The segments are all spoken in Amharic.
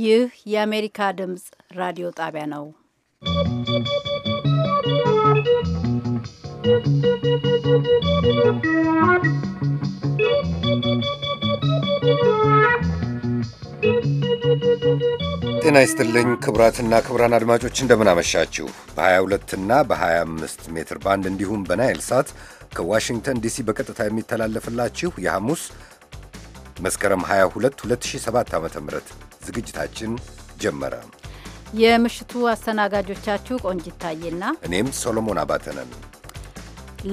ይህ የአሜሪካ ድምፅ ራዲዮ ጣቢያ ነው። ጤና ይስጥልኝ ክቡራትና ክቡራን አድማጮች እንደምናመሻችሁ በ በ22 እና በ25 ሜትር ባንድ እንዲሁም በናይል ሳት ከዋሽንግተን ዲሲ በቀጥታ የሚተላለፍላችሁ የሐሙስ መስከረም 22 2007 ዓ.ም ዝግጅታችን ጀመረ። የምሽቱ አስተናጋጆቻችሁ ቆንጂት ታዬና እኔም ሶሎሞን አባተነን።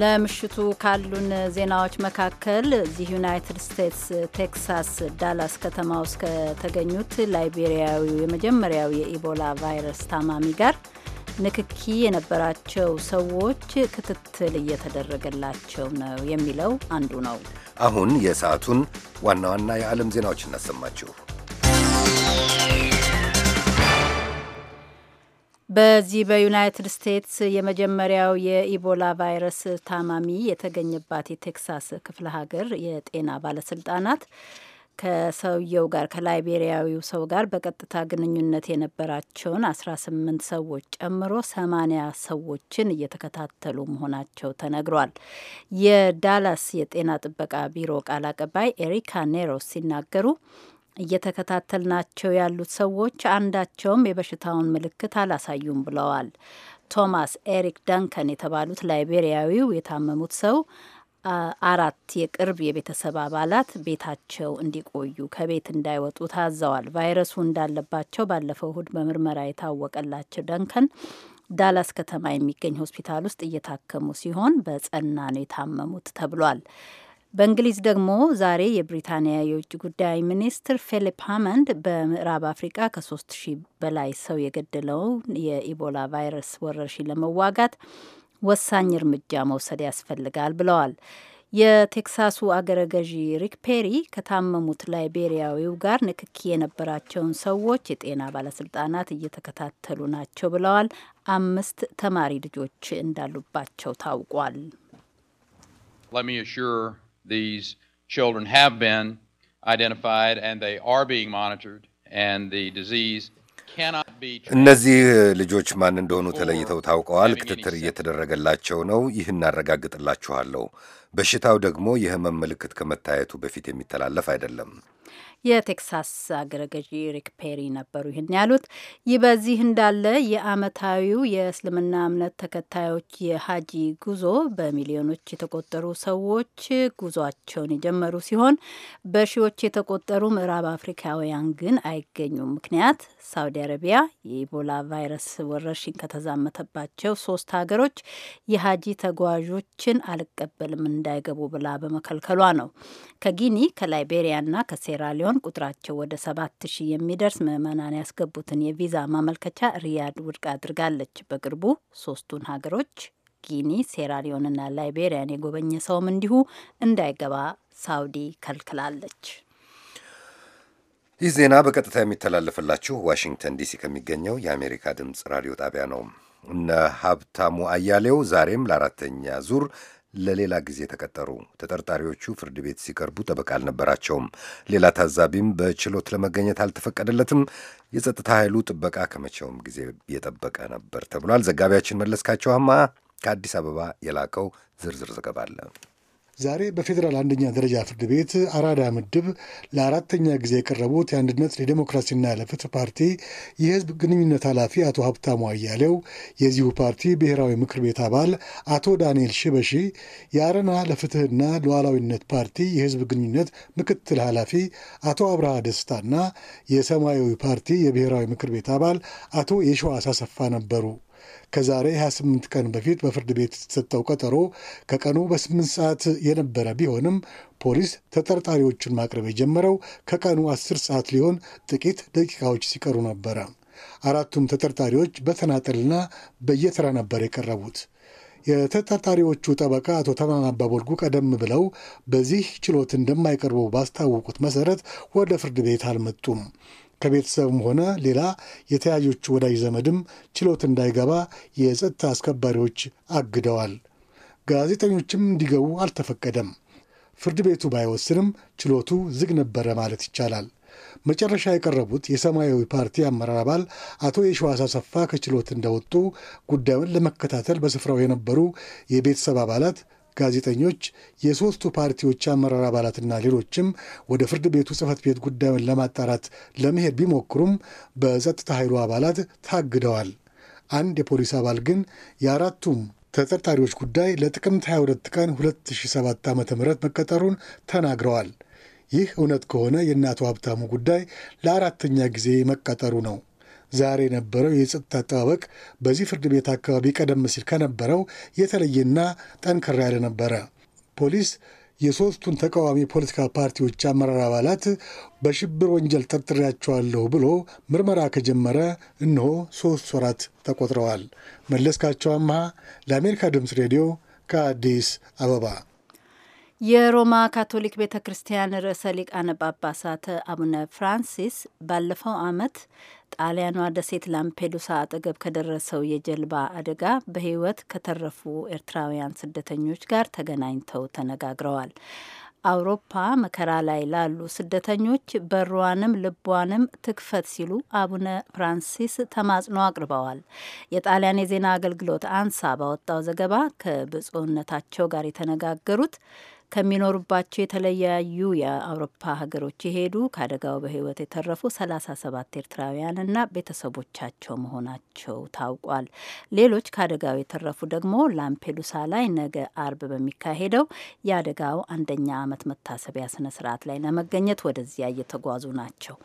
ለምሽቱ ካሉን ዜናዎች መካከል እዚህ ዩናይትድ ስቴትስ ቴክሳስ ዳላስ ከተማ ውስጥ ከተገኙት ላይቤሪያዊው የመጀመሪያው የኢቦላ ቫይረስ ታማሚ ጋር ንክኪ የነበራቸው ሰዎች ክትትል እየተደረገላቸው ነው የሚለው አንዱ ነው። አሁን የሰዓቱን ዋና ዋና የዓለም ዜናዎች እናሰማችሁ። በዚህ በዩናይትድ ስቴትስ የመጀመሪያው የኢቦላ ቫይረስ ታማሚ የተገኘባት የቴክሳስ ክፍለ ሀገር የጤና ባለስልጣናት ከሰውየው ጋር ከላይቤሪያዊው ሰው ጋር በቀጥታ ግንኙነት የነበራቸውን አስራ ስምንት ሰዎች ጨምሮ ሰማኒያ ሰዎችን እየተከታተሉ መሆናቸው ተነግሯል። የዳላስ የጤና ጥበቃ ቢሮ ቃል አቀባይ ኤሪካ ኔሮስ ሲናገሩ እየተከታተልናቸው ያሉት ሰዎች አንዳቸውም የበሽታውን ምልክት አላሳዩም ብለዋል። ቶማስ ኤሪክ ዳንከን የተባሉት ላይቤሪያዊው የታመሙት ሰው አራት የቅርብ የቤተሰብ አባላት ቤታቸው እንዲቆዩ ከቤት እንዳይወጡ ታዘዋል። ቫይረሱ እንዳለባቸው ባለፈው እሁድ በምርመራ የታወቀላቸው ዳንከን ዳላስ ከተማ የሚገኝ ሆስፒታል ውስጥ እየታከሙ ሲሆን በጸና ነው የታመሙት ተብሏል። በእንግሊዝ ደግሞ ዛሬ የብሪታንያ የውጭ ጉዳይ ሚኒስትር ፊሊፕ ሃመንድ በምዕራብ አፍሪቃ ከሶስት ሺህ በላይ ሰው የገደለውን የኢቦላ ቫይረስ ወረርሽኝ ለመዋጋት ወሳኝ እርምጃ መውሰድ ያስፈልጋል ብለዋል። የቴክሳሱ አገረ ገዢ ሪክ ፔሪ ከታመሙት ላይቤሪያዊው ጋር ንክኪ የነበራቸውን ሰዎች የጤና ባለስልጣናት እየተከታተሉ ናቸው ብለዋል። አምስት ተማሪ ልጆች እንዳሉባቸው ታውቋል። Let me assure these children have been identified and they are being monitored and the disease እነዚህ uh, ልጆች ማን እንደሆኑ ተለይተው ታውቀዋል። ክትትል እየተደረገላቸው ነው። ይህ እናረጋግጥላችኋለሁ። በሽታው ደግሞ የህመም ምልክት ከመታየቱ በፊት የሚተላለፍ አይደለም። የቴክሳስ አገረ ገዢ ሪክ ፔሪ ነበሩ ይህን ያሉት። ይህ በዚህ እንዳለ የአመታዊው የእስልምና እምነት ተከታዮች የሀጂ ጉዞ በሚሊዮኖች የተቆጠሩ ሰዎች ጉዟቸውን የጀመሩ ሲሆን በሺዎች የተቆጠሩ ምዕራብ አፍሪካውያን ግን አይገኙም። ምክንያት ሳውዲ አረቢያ የኢቦላ ቫይረስ ወረርሽኝ ከተዛመተባቸው ሶስት ሀገሮች የሀጂ ተጓዦችን አልቀበልም እንዳይገቡ ብላ በመከልከሏ ነው። ከጊኒ ከላይቤሪያና ከሴራሊዮን ሲሆን ቁጥራቸው ወደ ሰባት ሺህ የሚደርስ ምዕመናን ያስገቡትን የቪዛ ማመልከቻ ሪያድ ውድቅ አድርጋለች። በቅርቡ ሶስቱን ሀገሮች ጊኒ፣ ሴራሊዮንና ላይቤሪያን የጎበኘ ሰውም እንዲሁ እንዳይገባ ሳውዲ ከልክላለች። ይህ ዜና በቀጥታ የሚተላለፍላችሁ ዋሽንግተን ዲሲ ከሚገኘው የአሜሪካ ድምፅ ራዲዮ ጣቢያ ነው። እነ ሀብታሙ አያሌው ዛሬም ለአራተኛ ዙር ለሌላ ጊዜ ተቀጠሩ። ተጠርጣሪዎቹ ፍርድ ቤት ሲቀርቡ ጠበቃ አልነበራቸውም። ሌላ ታዛቢም በችሎት ለመገኘት አልተፈቀደለትም። የጸጥታ ኃይሉ ጥበቃ ከመቼውም ጊዜ የጠበቀ ነበር ተብሏል። ዘጋቢያችን መለስካቸው አማ ከአዲስ አበባ የላከው ዝርዝር ዘገባ አለ። ዛሬ በፌዴራል አንደኛ ደረጃ ፍርድ ቤት አራዳ ምድብ ለአራተኛ ጊዜ የቀረቡት የአንድነት ለዲሞክራሲና ለፍትህ ፓርቲ የህዝብ ግንኙነት ኃላፊ አቶ ሀብታሙ አያሌው፣ የዚሁ ፓርቲ ብሔራዊ ምክር ቤት አባል አቶ ዳንኤል ሽበሺ፣ የአረና ለፍትህና ለዋላዊነት ፓርቲ የህዝብ ግንኙነት ምክትል ኃላፊ አቶ አብርሃ ደስታና የሰማያዊ ፓርቲ የብሔራዊ ምክር ቤት አባል አቶ የሸዋስ አሰፋ ነበሩ። ከዛሬ 28 ቀን በፊት በፍርድ ቤት የተሰጠው ቀጠሮ ከቀኑ በ8 ሰዓት የነበረ ቢሆንም ፖሊስ ተጠርጣሪዎቹን ማቅረብ የጀመረው ከቀኑ 10 ሰዓት ሊሆን ጥቂት ደቂቃዎች ሲቀሩ ነበረ። አራቱም ተጠርጣሪዎች በተናጠልና በየተራ ነበር የቀረቡት። የተጠርጣሪዎቹ ጠበቃ አቶ ተማም አባቦልጉ ቀደም ብለው በዚህ ችሎት እንደማይቀርቡ ባስታወቁት መሰረት ወደ ፍርድ ቤት አልመጡም። ከቤተሰብም ሆነ ሌላ የተያዦቹ ወዳጅ ዘመድም ችሎት እንዳይገባ የጸጥታ አስከባሪዎች አግደዋል። ጋዜጠኞችም እንዲገቡ አልተፈቀደም። ፍርድ ቤቱ ባይወስንም ችሎቱ ዝግ ነበረ ማለት ይቻላል። መጨረሻ የቀረቡት የሰማያዊ ፓርቲ አመራር አባል አቶ የሸዋስ አሰፋ ከችሎት እንደወጡ ጉዳዩን ለመከታተል በስፍራው የነበሩ የቤተሰብ አባላት ጋዜጠኞች፣ የሦስቱ ፓርቲዎች አመራር አባላትና ሌሎችም ወደ ፍርድ ቤቱ ጽህፈት ቤት ጉዳዩን ለማጣራት ለመሄድ ቢሞክሩም በጸጥታ ኃይሉ አባላት ታግደዋል። አንድ የፖሊስ አባል ግን የአራቱም ተጠርጣሪዎች ጉዳይ ለጥቅምት 22 ቀን 2007 ዓ ም መቀጠሩን ተናግረዋል። ይህ እውነት ከሆነ የእናቱ ሀብታሙ ጉዳይ ለአራተኛ ጊዜ መቀጠሩ ነው። ዛሬ የነበረው የጸጥታ አጠባበቅ በዚህ ፍርድ ቤት አካባቢ ቀደም ሲል ከነበረው የተለየና ጠንከር ያለ ነበረ። ፖሊስ የሦስቱን ተቃዋሚ የፖለቲካ ፓርቲዎች አመራር አባላት በሽብር ወንጀል ጠርጥሬያቸዋለሁ ብሎ ምርመራ ከጀመረ እነሆ ሦስት ወራት ተቆጥረዋል። መለስካቸው አምሃ ለአሜሪካ ድምፅ ሬዲዮ ከአዲስ አበባ የሮማ ካቶሊክ ቤተ ክርስቲያን ርዕሰ ሊቃነ ጳጳሳት አቡነ ፍራንሲስ ባለፈው ዓመት ጣሊያኗ ደሴት ላምፔዱሳ አጠገብ ከደረሰው የጀልባ አደጋ በሕይወት ከተረፉ ኤርትራውያን ስደተኞች ጋር ተገናኝተው ተነጋግረዋል። አውሮፓ መከራ ላይ ላሉ ስደተኞች በሯንም ልቧንም ትክፈት ሲሉ አቡነ ፍራንሲስ ተማጽኖ አቅርበዋል። የጣሊያን የዜና አገልግሎት አንሳ ባወጣው ዘገባ ከብፁዕነታቸው ጋር የተነጋገሩት ከሚኖሩባቸው የተለያዩ የአውሮፓ ሀገሮች የሄዱ ከአደጋው በህይወት የተረፉ 37 ኤርትራውያንና ቤተሰቦቻቸው መሆናቸው ታውቋል። ሌሎች ከአደጋው የተረፉ ደግሞ ላምፔዱሳ ላይ ነገ አርብ በሚካሄደው የአደጋው አንደኛ ዓመት መታሰቢያ ስነ ስርዓት ላይ ለመገኘት ወደዚያ እየተጓዙ ናቸው።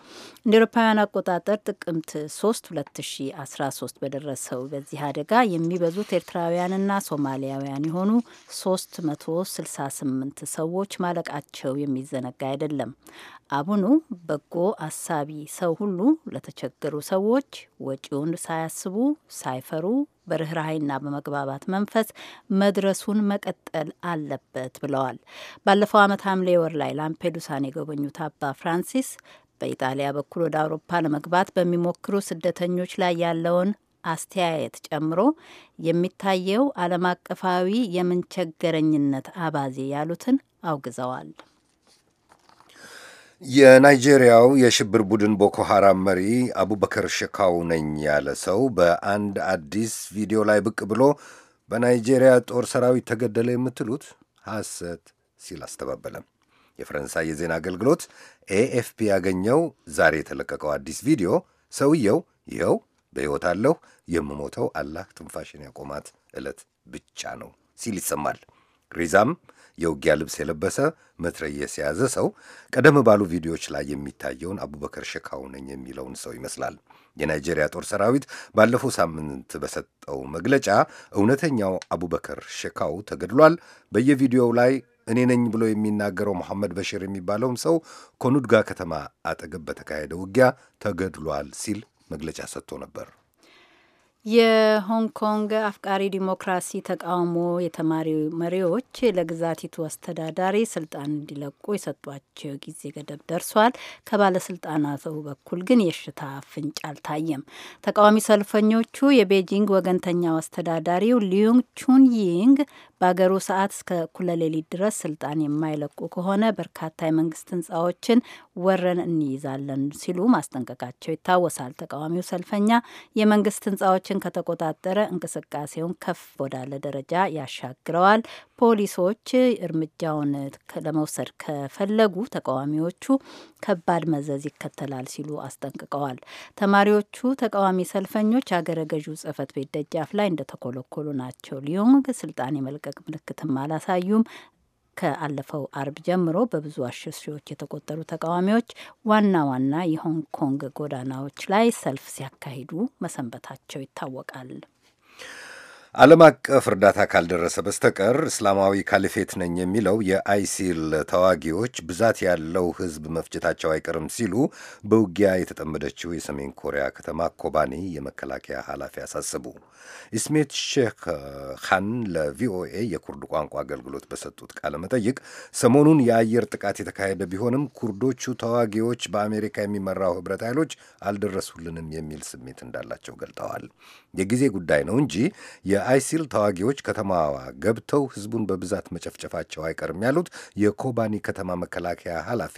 እንደ ኤሮፓውያን አቆጣጠር ጥቅምት 3 2013 በደረሰው በዚህ አደጋ የሚበዙት ኤርትራውያንና ሶማሊያውያን የሆኑ 368 ስምንት ሰዎች ማለቃቸው የሚዘነጋ አይደለም። አቡኑ በጎ አሳቢ ሰው ሁሉ ለተቸገሩ ሰዎች ወጪውን ሳያስቡ ሳይፈሩ በርኅራሀይና በመግባባት መንፈስ መድረሱን መቀጠል አለበት ብለዋል። ባለፈው ዓመት ሐምሌ ወር ላይ ላምፔዱሳን የጎበኙት አባ ፍራንሲስ በኢጣሊያ በኩል ወደ አውሮፓ ለመግባት በሚሞክሩ ስደተኞች ላይ ያለውን አስተያየት ጨምሮ የሚታየው ዓለም አቀፋዊ የምንቸገረኝነት አባዜ ያሉትን አውግዘዋል። የናይጄሪያው የሽብር ቡድን ቦኮ ሐራም መሪ አቡበከር ሸካው ነኝ ያለ ሰው በአንድ አዲስ ቪዲዮ ላይ ብቅ ብሎ በናይጄሪያ ጦር ሰራዊት ተገደለ የምትሉት ሐሰት ሲል አስተባበለ። የፈረንሳይ የዜና አገልግሎት ኤኤፍፒ ያገኘው ዛሬ የተለቀቀው አዲስ ቪዲዮ ሰውየው ይኸው በሕይወት አለሁ የምሞተው አላህ ትንፋሽን ያቆማት ዕለት ብቻ ነው ሲል ይሰማል። ሪዛም የውጊያ ልብስ የለበሰ መትረየስ የያዘ ሰው ቀደም ባሉ ቪዲዮዎች ላይ የሚታየውን አቡበከር ሽካው ነኝ የሚለውን ሰው ይመስላል። የናይጄሪያ ጦር ሰራዊት ባለፈው ሳምንት በሰጠው መግለጫ እውነተኛው አቡበከር ሽካው ተገድሏል፣ በየቪዲዮው ላይ እኔ ነኝ ብሎ የሚናገረው መሐመድ በሽር የሚባለውም ሰው ኮኑድጋ ከተማ አጠገብ በተካሄደ ውጊያ ተገድሏል ሲል መግለጫ ሰጥቶ ነበር። የሆንግ ኮንግ አፍቃሪ ዲሞክራሲ ተቃውሞ የተማሪ መሪዎች ለግዛቲቱ አስተዳዳሪ ስልጣን እንዲለቁ የሰጧቸው ጊዜ ገደብ ደርሷል። ከባለስልጣናቱ በኩል ግን የሽታ ፍንጭ አልታየም። ተቃዋሚ ሰልፈኞቹ የቤጂንግ ወገንተኛው አስተዳዳሪው ሊዩንግ ይንግ በአገሩ ሰዓት እስከ ኩለሌሊት ድረስ ስልጣን የማይለቁ ከሆነ በርካታ የመንግስት ህንፃዎችን ወረን እንይዛለን ሲሉ ማስጠንቀቃቸው ይታወሳል። ተቃዋሚው ሰልፈኛ የመንግስት ህንፃዎችን ከተቆጣጠረ እንቅስቃሴውን ከፍ ወዳለ ደረጃ ያሻግረዋል። ፖሊሶች እርምጃውን ለመውሰድ ከፈለጉ ተቃዋሚዎቹ ከባድ መዘዝ ይከተላል ሲሉ አስጠንቅቀዋል። ተማሪዎቹ ተቃዋሚ ሰልፈኞች አገረ ገዢው ጽህፈት ቤት ደጃፍ ላይ እንደተኮለኮሉ ናቸው። ሊዮንግ ስልጣን የመልቀቅ የመልቀቅ ምልክትም አላሳዩም። ከአለፈው አርብ ጀምሮ በብዙ አስር ሺዎች የተቆጠሩ ተቃዋሚዎች ዋና ዋና የሆንግ ኮንግ ጎዳናዎች ላይ ሰልፍ ሲያካሂዱ መሰንበታቸው ይታወቃል። ዓለም አቀፍ እርዳታ ካልደረሰ በስተቀር እስላማዊ ካሊፌት ነኝ የሚለው የአይሲል ተዋጊዎች ብዛት ያለው ሕዝብ መፍጀታቸው አይቀርም ሲሉ በውጊያ የተጠመደችው የሰሜን ኮሪያ ከተማ ኮባኔ የመከላከያ ኃላፊ አሳስቡ ኢስሜት ሼክ ካን ለቪኦኤ የኩርድ ቋንቋ አገልግሎት በሰጡት ቃለ መጠይቅ ሰሞኑን የአየር ጥቃት የተካሄደ ቢሆንም ኩርዶቹ ተዋጊዎች በአሜሪካ የሚመራው ህብረት ኃይሎች አልደረሱልንም የሚል ስሜት እንዳላቸው ገልጠዋል። የጊዜ ጉዳይ ነው እንጂ የአይሲል ተዋጊዎች ከተማዋ ገብተው ህዝቡን በብዛት መጨፍጨፋቸው አይቀርም ያሉት የኮባኒ ከተማ መከላከያ ኃላፊ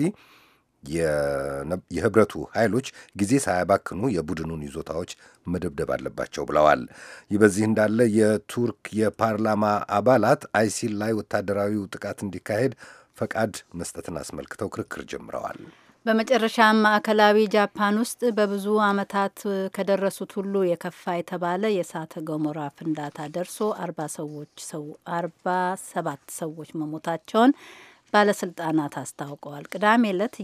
የህብረቱ ኃይሎች ጊዜ ሳያባክኑ የቡድኑን ይዞታዎች መደብደብ አለባቸው ብለዋል። ይህ በዚህ እንዳለ የቱርክ የፓርላማ አባላት አይሲል ላይ ወታደራዊ ጥቃት እንዲካሄድ ፈቃድ መስጠትን አስመልክተው ክርክር ጀምረዋል። በመጨረሻ ማዕከላዊ ጃፓን ውስጥ በብዙ ዓመታት ከደረሱት ሁሉ የከፋ የተባለ የእሳተ ገሞራ ፍንዳታ ደርሶ አርባ ሰዎች ሰው አርባ ሰባት ሰዎች መሞታቸውን ባለስልጣናት አስታውቀዋል። ቅዳሜ ዕለት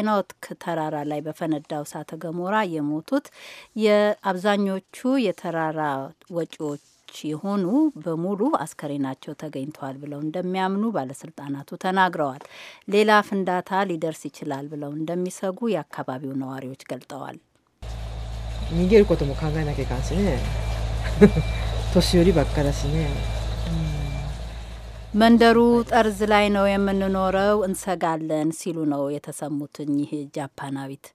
ኤኖትክ ተራራ ላይ በፈነዳው እሳተ ገሞራ የሞቱት የአብዛኞቹ የተራራ ወጪዎች የሆኑ በሙሉ አስከሬናቸው ተገኝተዋል ብለው እንደሚያምኑ ባለስልጣናቱ ተናግረዋል። ሌላ ፍንዳታ ሊደርስ ይችላል ብለው እንደሚሰጉ የአካባቢው ነዋሪዎች ገልጠዋል። መንደሩ ጠርዝ ላይ ነው የምንኖረው፣ እንሰጋለን ሲሉ ነው የተሰሙትን ይህ ጃፓናዊት።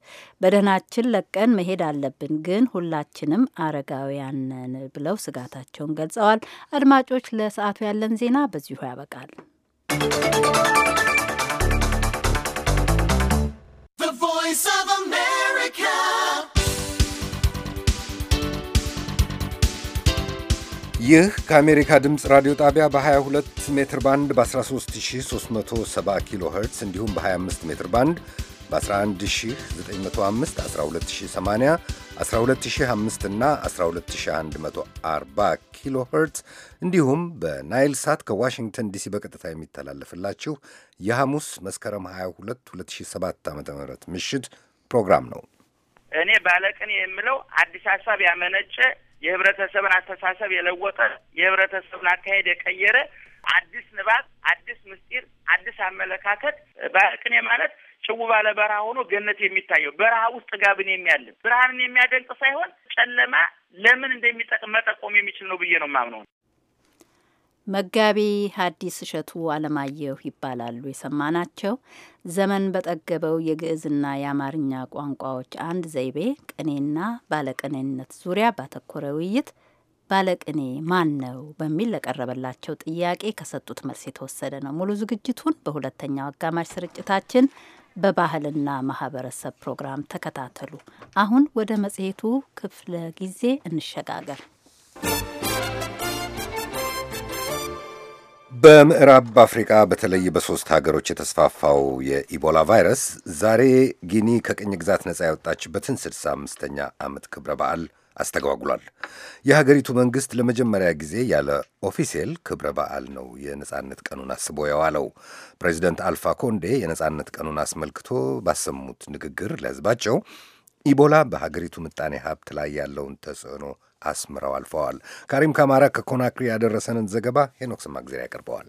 በደህናችን ለቀን መሄድ አለብን፣ ግን ሁላችንም አረጋውያን ነን ብለው ስጋታቸውን ገልጸዋል። አድማጮች፣ ለሰዓቱ ያለን ዜና በዚሁ ያበቃል። ቮይስ ኦፍ ይህ ከአሜሪካ ድምፅ ራዲዮ ጣቢያ በ22 ሜትር ባንድ በ13370 ኪሎ ሄርትስ እንዲሁም በ25 ሜትር ባንድ በ11905፣ 12080፣ 12005 እና 12140 ኪሎ ሄርትስ እንዲሁም በናይል ሳት ከዋሽንግተን ዲሲ በቀጥታ የሚተላለፍላችሁ የሐሙስ መስከረም 22 2007 ዓ ም ምሽት ፕሮግራም ነው። እኔ ባለቅኔ የምለው አዲስ ሀሳብ ያመነጨ የህብረተሰብን አስተሳሰብ የለወጠ የህብረተሰብን አካሄድ የቀየረ አዲስ ንባብ፣ አዲስ ምስጢር፣ አዲስ አመለካከት በቅኔ ማለት ጭው ባለ በረሃ ሆኖ ገነት የሚታየው በረሃ ውስጥ ጋብን የሚያልም ብርሃንን የሚያደንቅ ሳይሆን ጨለማ ለምን እንደሚጠቅም መጠቆም የሚችል ነው ብዬ ነው የማምነው። መጋቢ ሐዲስ እሸቱ አለማየሁ ይባላሉ። የሰማናቸው ዘመን በጠገበው የግዕዝና የአማርኛ ቋንቋዎች አንድ ዘይቤ ቅኔና ባለቅኔነት ዙሪያ ባተኮረ ውይይት ባለቅኔ ማን ነው በሚል ለቀረበላቸው ጥያቄ ከሰጡት መልስ የተወሰደ ነው። ሙሉ ዝግጅቱን በሁለተኛው አጋማሽ ስርጭታችን በባህልና ማህበረሰብ ፕሮግራም ተከታተሉ። አሁን ወደ መጽሔቱ ክፍለ ጊዜ እንሸጋገር። በምዕራብ አፍሪቃ በተለይ በሶስት ሀገሮች የተስፋፋው የኢቦላ ቫይረስ ዛሬ ጊኒ ከቅኝ ግዛት ነጻ ያወጣችበትን 65ኛ ዓመት ክብረ በዓል አስተጓጉሏል። የሀገሪቱ መንግሥት ለመጀመሪያ ጊዜ ያለ ኦፊሴል ክብረ በዓል ነው የነጻነት ቀኑን አስቦ የዋለው። ፕሬዚደንት አልፋ ኮንዴ የነጻነት ቀኑን አስመልክቶ ባሰሙት ንግግር ለህዝባቸው ኢቦላ በሀገሪቱ ምጣኔ ሀብት ላይ ያለውን ተጽዕኖ አስምረው አልፈዋል። ካሪም ካማራ ከኮናክሪ ያደረሰንን ዘገባ ሄኖክ ስማግዜር ያቀርበዋል።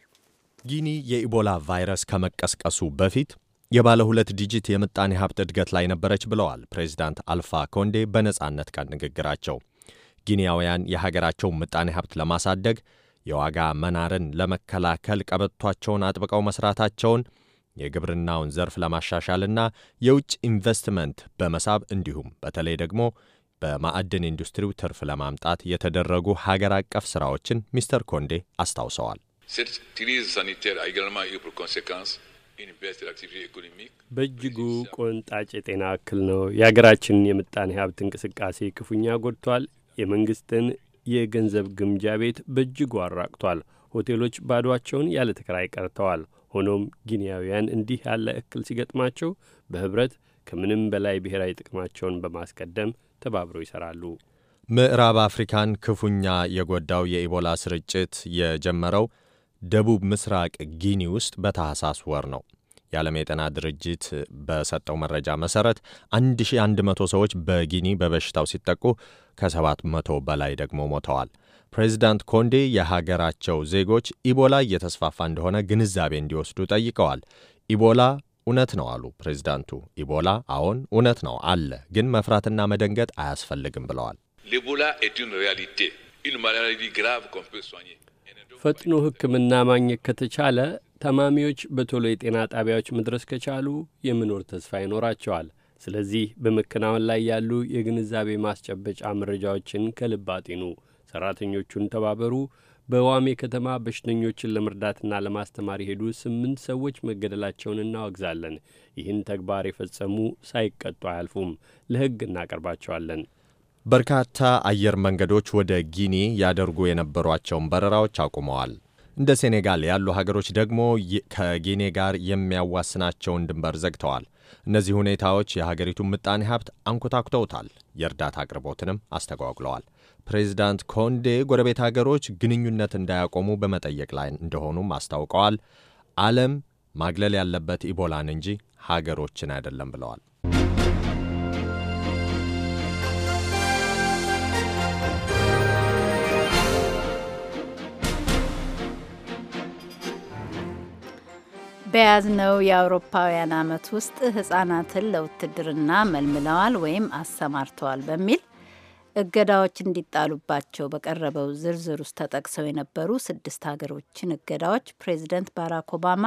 ጊኒ የኢቦላ ቫይረስ ከመቀስቀሱ በፊት የባለ ሁለት ዲጂት የምጣኔ ሀብት እድገት ላይ ነበረች ብለዋል ፕሬዚዳንት አልፋ ኮንዴ በነጻነት ቀን ንግግራቸው። ጊኒያውያን የሀገራቸውን ምጣኔ ሀብት ለማሳደግ የዋጋ መናርን ለመከላከል ቀበቷቸውን አጥብቀው መስራታቸውን የግብርናውን ዘርፍ ለማሻሻልና የውጭ ኢንቨስትመንት በመሳብ እንዲሁም በተለይ ደግሞ በማዕድን ኢንዱስትሪው ትርፍ ለማምጣት የተደረጉ ሀገር አቀፍ ስራዎችን ሚስተር ኮንዴ አስታውሰዋል። በእጅጉ ቆንጣጭ የጤና እክል ነው። የሀገራችንን የምጣኔ ሀብት እንቅስቃሴ ክፉኛ ጎድቷል። የመንግስትን የገንዘብ ግምጃ ቤት በእጅጉ አራቅቷል። ሆቴሎች ባዷቸውን ያለ ተከራይ ቀርተዋል። ሆኖም ጊኒያውያን እንዲህ ያለ እክል ሲገጥማቸው በህብረት ከምንም በላይ ብሔራዊ ጥቅማቸውን በማስቀደም ተባብረው ይሰራሉ። ምዕራብ አፍሪካን ክፉኛ የጎዳው የኢቦላ ስርጭት የጀመረው ደቡብ ምስራቅ ጊኒ ውስጥ በታህሳስ ወር ነው። የዓለም የጤና ድርጅት በሰጠው መረጃ መሠረት 1100 ሰዎች በጊኒ በበሽታው ሲጠቁ ከ700 በላይ ደግሞ ሞተዋል። ፕሬዚዳንት ኮንዴ የሀገራቸው ዜጎች ኢቦላ እየተስፋፋ እንደሆነ ግንዛቤ እንዲወስዱ ጠይቀዋል። ኢቦላ እውነት ነው አሉ ፕሬዚዳንቱ። ኢቦላ አዎን እውነት ነው አለ፣ ግን መፍራትና መደንገጥ አያስፈልግም ብለዋል። ፈጥኖ ሕክምና ማግኘት ከተቻለ ታማሚዎች በቶሎ የጤና ጣቢያዎች መድረስ ከቻሉ የመኖር ተስፋ ይኖራቸዋል። ስለዚህ በመከናወን ላይ ያሉ የግንዛቤ ማስጨበጫ መረጃዎችን ከልብ አጢኑ፣ ሰራተኞቹን ተባበሩ፣ በዋሜ ከተማ በሽተኞችን ለመርዳትና ለማስተማር የሄዱ ስምንት ሰዎች መገደላቸውን እናወግዛለን። ይህን ተግባር የፈጸሙ ሳይቀጡ አያልፉም። ለሕግ እናቀርባቸዋለን። በርካታ አየር መንገዶች ወደ ጊኒ ያደርጉ የነበሯቸውን በረራዎች አቁመዋል። እንደ ሴኔጋል ያሉ ሀገሮች ደግሞ ከጊኔ ጋር የሚያዋስናቸውን ድንበር ዘግተዋል። እነዚህ ሁኔታዎች የሀገሪቱን ምጣኔ ሀብት አንኮታኩተውታል፣ የእርዳታ አቅርቦትንም አስተጓጉለዋል። ፕሬዚዳንት ኮንዴ ጎረቤት አገሮች ግንኙነት እንዳያቆሙ በመጠየቅ ላይ እንደሆኑም አስታውቀዋል። ዓለም ማግለል ያለበት ኢቦላን እንጂ ሀገሮችን አይደለም ብለዋል። በያዝነው የአውሮፓውያን ዓመት ውስጥ ህጻናትን ለውትድርና መልምለዋል ወይም አሰማርተዋል በሚል እገዳዎች እንዲጣሉባቸው በቀረበው ዝርዝር ውስጥ ተጠቅሰው የነበሩ ስድስት ሀገሮችን እገዳዎች ፕሬዚደንት ባራክ ኦባማ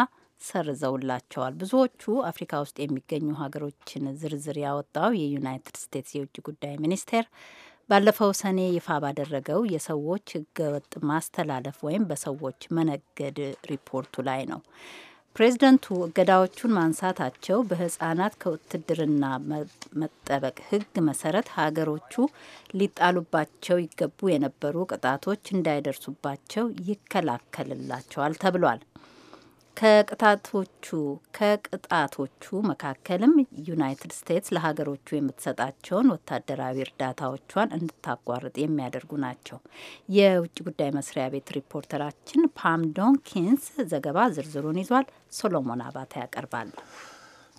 ሰርዘውላቸዋል። ብዙዎቹ አፍሪካ ውስጥ የሚገኙ ሀገሮችን ዝርዝር ያወጣው የዩናይትድ ስቴትስ የውጭ ጉዳይ ሚኒስቴር ባለፈው ሰኔ ይፋ ባደረገው የሰዎች ህገወጥ ማስተላለፍ ወይም በሰዎች መነገድ ሪፖርቱ ላይ ነው። ፕሬዝደንቱ እገዳዎቹን ማንሳታቸው በህጻናት ከውትድርና መጠበቅ ህግ መሰረት ሀገሮቹ ሊጣሉባቸው ይገቡ የነበሩ ቅጣቶች እንዳይደርሱባቸው ይከላከልላቸዋል ተብሏል። ከቅጣቶቹ ከቅጣቶቹ መካከልም ዩናይትድ ስቴትስ ለሀገሮቹ የምትሰጣቸውን ወታደራዊ እርዳታዎቿን እንድታቋርጥ የሚያደርጉ ናቸው። የውጭ ጉዳይ መስሪያ ቤት ሪፖርተራችን ፓም ኪንስ ዘገባ ዝርዝሩን ይዟል። ሶሎሞን አባተ ያቀርባል።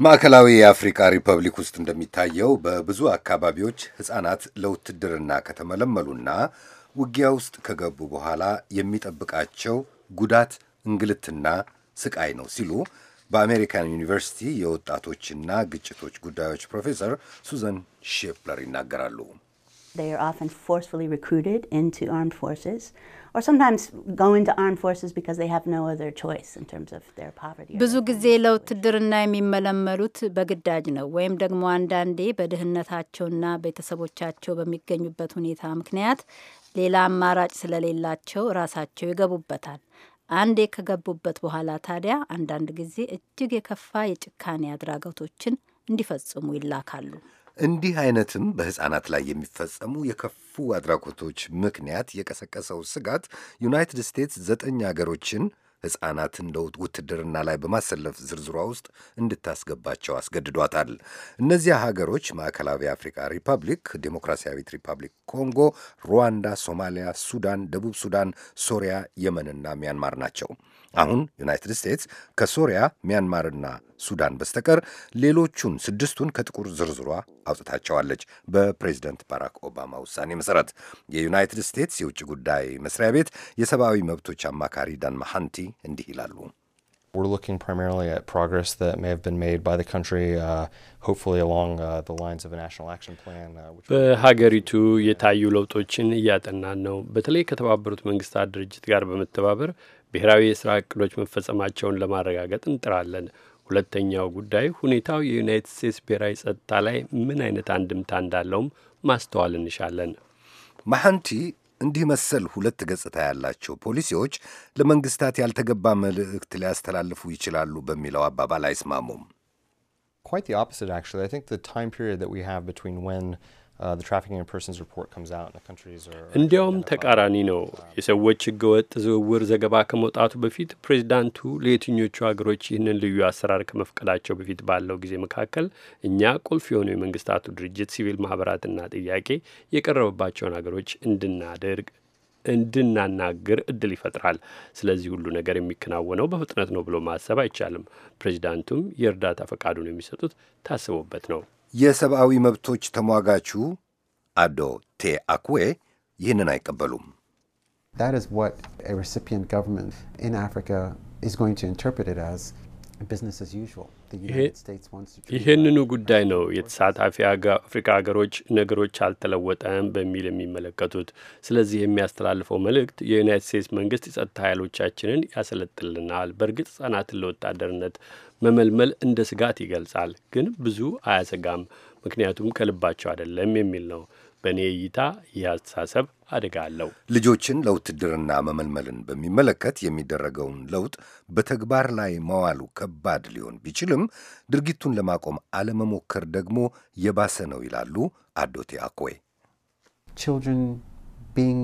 ማዕከላዊ የአፍሪካ ሪፐብሊክ ውስጥ እንደሚታየው በብዙ አካባቢዎች ሕፃናት ለውትድርና ከተመለመሉና ውጊያ ውስጥ ከገቡ በኋላ የሚጠብቃቸው ጉዳት እንግልትና ስቃይ ነው ሲሉ በአሜሪካን ዩኒቨርሲቲ የወጣቶችና ግጭቶች ጉዳዮች ፕሮፌሰር ሱዘን ሼፕለር ይናገራሉ። ብዙ ጊዜ ለውትድርና የሚመለመሉት በግዳጅ ነው ወይም ደግሞ አንዳንዴ በድህነታቸውና ቤተሰቦቻቸው በሚገኙበት ሁኔታ ምክንያት ሌላ አማራጭ ስለሌላቸው ራሳቸው ይገቡበታል። አንዴ ከገቡበት በኋላ ታዲያ አንዳንድ ጊዜ እጅግ የከፋ የጭካኔ አድራጎቶችን እንዲፈጽሙ ይላካሉ። እንዲህ አይነትም በሕፃናት ላይ የሚፈጸሙ የከፉ አድራጎቶች ምክንያት የቀሰቀሰው ስጋት ዩናይትድ ስቴትስ ዘጠኝ አገሮችን ሕፃናትን ለውትድርና ላይ በማሰለፍ ዝርዝሯ ውስጥ እንድታስገባቸው አስገድዷታል። እነዚያ ሀገሮች ማዕከላዊ አፍሪካ ሪፐብሊክ፣ ዴሞክራሲያዊት ሪፐብሊክ ኮንጎ፣ ሩዋንዳ፣ ሶማሊያ፣ ሱዳን፣ ደቡብ ሱዳን፣ ሶሪያ፣ የመንና ሚያንማር ናቸው። አሁን ዩናይትድ ስቴትስ ከሶሪያ ሚያንማርና ሱዳን በስተቀር ሌሎቹን ስድስቱን ከጥቁር ዝርዝሯ አውጥታቸዋለች። በፕሬዚደንት ባራክ ኦባማ ውሳኔ መሠረት የዩናይትድ ስቴትስ የውጭ ጉዳይ መስሪያ ቤት የሰብአዊ መብቶች አማካሪ ዳን መሐንቲ እንዲህ ይላሉ። uh, uh, uh, በሀገሪቱ የታዩ ለውጦችን እያጠናን ነው። በተለይ ከተባበሩት መንግስታት ድርጅት ጋር በመተባበር ብሔራዊ የስራ እቅዶች መፈጸማቸውን ለማረጋገጥ እንጥራለን። ሁለተኛው ጉዳይ ሁኔታው የዩናይትድ ስቴትስ ብሔራዊ ጸጥታ ላይ ምን አይነት አንድምታ እንዳለውም ማስተዋል እንሻለን። ማሐንቲ እንዲህ መሰል ሁለት ገጽታ ያላቸው ፖሊሲዎች ለመንግስታት ያልተገባ መልእክት ሊያስተላልፉ ይችላሉ በሚለው አባባል አይስማሙም። quite the opposite actually i think the time period that we have between when እንዲያውም uh, ተቃራኒ ነው። uh, የሰዎች ህገወጥ ዝውውር ዘገባ ከመውጣቱ በፊት ፕሬዚዳንቱ ለየትኞቹ ሀገሮች ይህንን ልዩ አሰራር ከመፍቀዳቸው በፊት ባለው ጊዜ መካከል እኛ ቁልፍ የሆኑ የመንግስታቱ ድርጅት ሲቪል ማህበራትና ጥያቄ የቀረበባቸውን ሀገሮች እንድናደርግ እንድናናግር እድል ይፈጥራል። ስለዚህ ሁሉ ነገር የሚከናወነው በፍጥነት ነው ብሎ ማሰብ አይቻልም። ፕሬዚዳንቱም የእርዳታ ፈቃዱን የሚሰጡት ታስቦበት ነው። የሰብአዊ መብቶች ተሟጋቹ አዶ ቴ አኩዌ ይህንን አይቀበሉም። That is what a recipient government in Africa is going to interpret it as. ይህንኑ ጉዳይ ነው የተሳታፊ አፍሪካ ሀገሮች ነገሮች አልተለወጠም በሚል የሚመለከቱት። ስለዚህ የሚያስተላልፈው መልእክት የዩናይት ስቴትስ መንግስት የጸጥታ ኃይሎቻችንን ያሰለጥልናል። በእርግጥ ህጻናትን ለወታደርነት መመልመል እንደ ስጋት ይገልጻል፣ ግን ብዙ አያሰጋም፣ ምክንያቱም ከልባቸው አይደለም የሚል ነው። በእኔ እይታ ይህ አስተሳሰብ አደጋ አለው። ልጆችን ለውትድርና መመልመልን በሚመለከት የሚደረገውን ለውጥ በተግባር ላይ መዋሉ ከባድ ሊሆን ቢችልም ድርጊቱን ለማቆም አለመሞከር ደግሞ የባሰ ነው ይላሉ አዶቴ አኮይ። children ቢንግ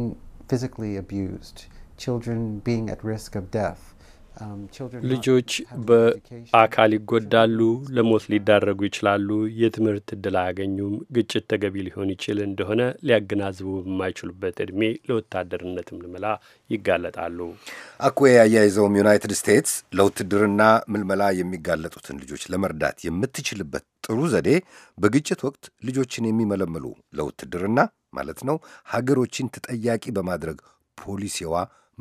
ፊዚካሊ abused, children ቢንግ አት ሪስክ ኦፍ death Um, ልጆች በአካል ይጎዳሉ፣ ለሞት ሊዳረጉ ይችላሉ፣ የትምህርት እድል አያገኙም፣ ግጭት ተገቢ ሊሆን ይችል እንደሆነ ሊያገናዝቡ በማይችሉበት እድሜ ለወታደርነትም ምልመላ ይጋለጣሉ። አኩዌ አያይዘውም ዩናይትድ ስቴትስ ለውትድርና ምልመላ የሚጋለጡትን ልጆች ለመርዳት የምትችልበት ጥሩ ዘዴ በግጭት ወቅት ልጆችን የሚመለምሉ ለውትድርና ማለት ነው ሀገሮችን ተጠያቂ በማድረግ ፖሊሲዋ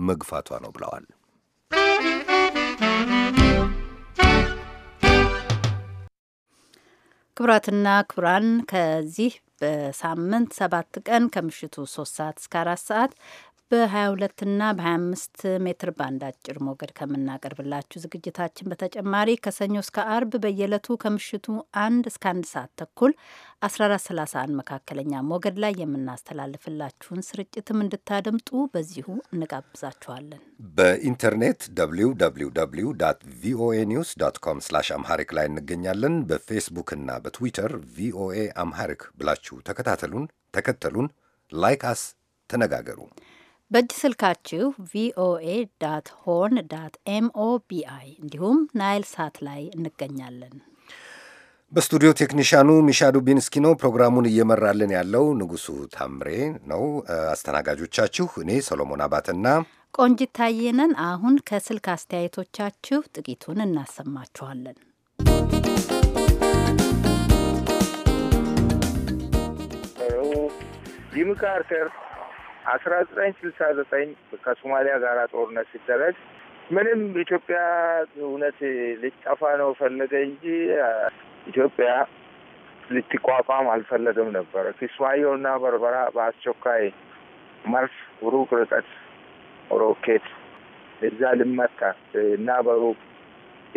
መግፋቷ ነው ብለዋል። ክቡራትና ክቡራን ከዚህ በሳምንት ሰባት ቀን ከምሽቱ ሶስት ሰዓት እስከ አራት ሰዓት በ22 እና በ25 ሜትር ባንድ አጭር ሞገድ ከምናቀርብላችሁ ዝግጅታችን በተጨማሪ ከሰኞ እስከ አርብ በየዕለቱ ከምሽቱ አንድ እስከ አንድ ሰዓት ተኩል 1431 መካከለኛ ሞገድ ላይ የምናስተላልፍላችሁን ስርጭትም እንድታደምጡ በዚሁ እንጋብዛችኋለን። በኢንተርኔት www ቪኦኤ ኒውስ ዶት ኮም ስላሽ አምሃሪክ ላይ እንገኛለን። በፌስቡክ እና በትዊተር ቪኦኤ አምሃሪክ ብላችሁ ተከታተሉን፣ ተከተሉን፣ ላይክ አስ፣ ተነጋገሩ። በእጅ ስልካችሁ ቪኦኤ ዳት ሆን ዳት ኤምኦቢአይ እንዲሁም ናይል ሳት ላይ እንገኛለን። በስቱዲዮ ቴክኒሽያኑ ሚሻ ዱቢንስኪ ነው። ፕሮግራሙን እየመራልን ያለው ንጉሱ ታምሬ ነው። አስተናጋጆቻችሁ እኔ ሰሎሞን አባትና ቆንጂት ታየነን። አሁን ከስልክ አስተያየቶቻችሁ ጥቂቱን እናሰማችኋለን። ጂም አስራ ዘጠኝ ስልሳ ዘጠኝ ከሶማሊያ ጋር ጦርነት ሲደረግ ምንም ኢትዮጵያ እውነት ልትጠፋ ነው ፈለገ እንጂ ኢትዮጵያ ልትቋቋም አልፈለገም ነበረ። ና በርበራ በአስቸኳይ መርፍ ሩቅ ርቀት ሮኬት እዛ ልመታ እና በሩቅ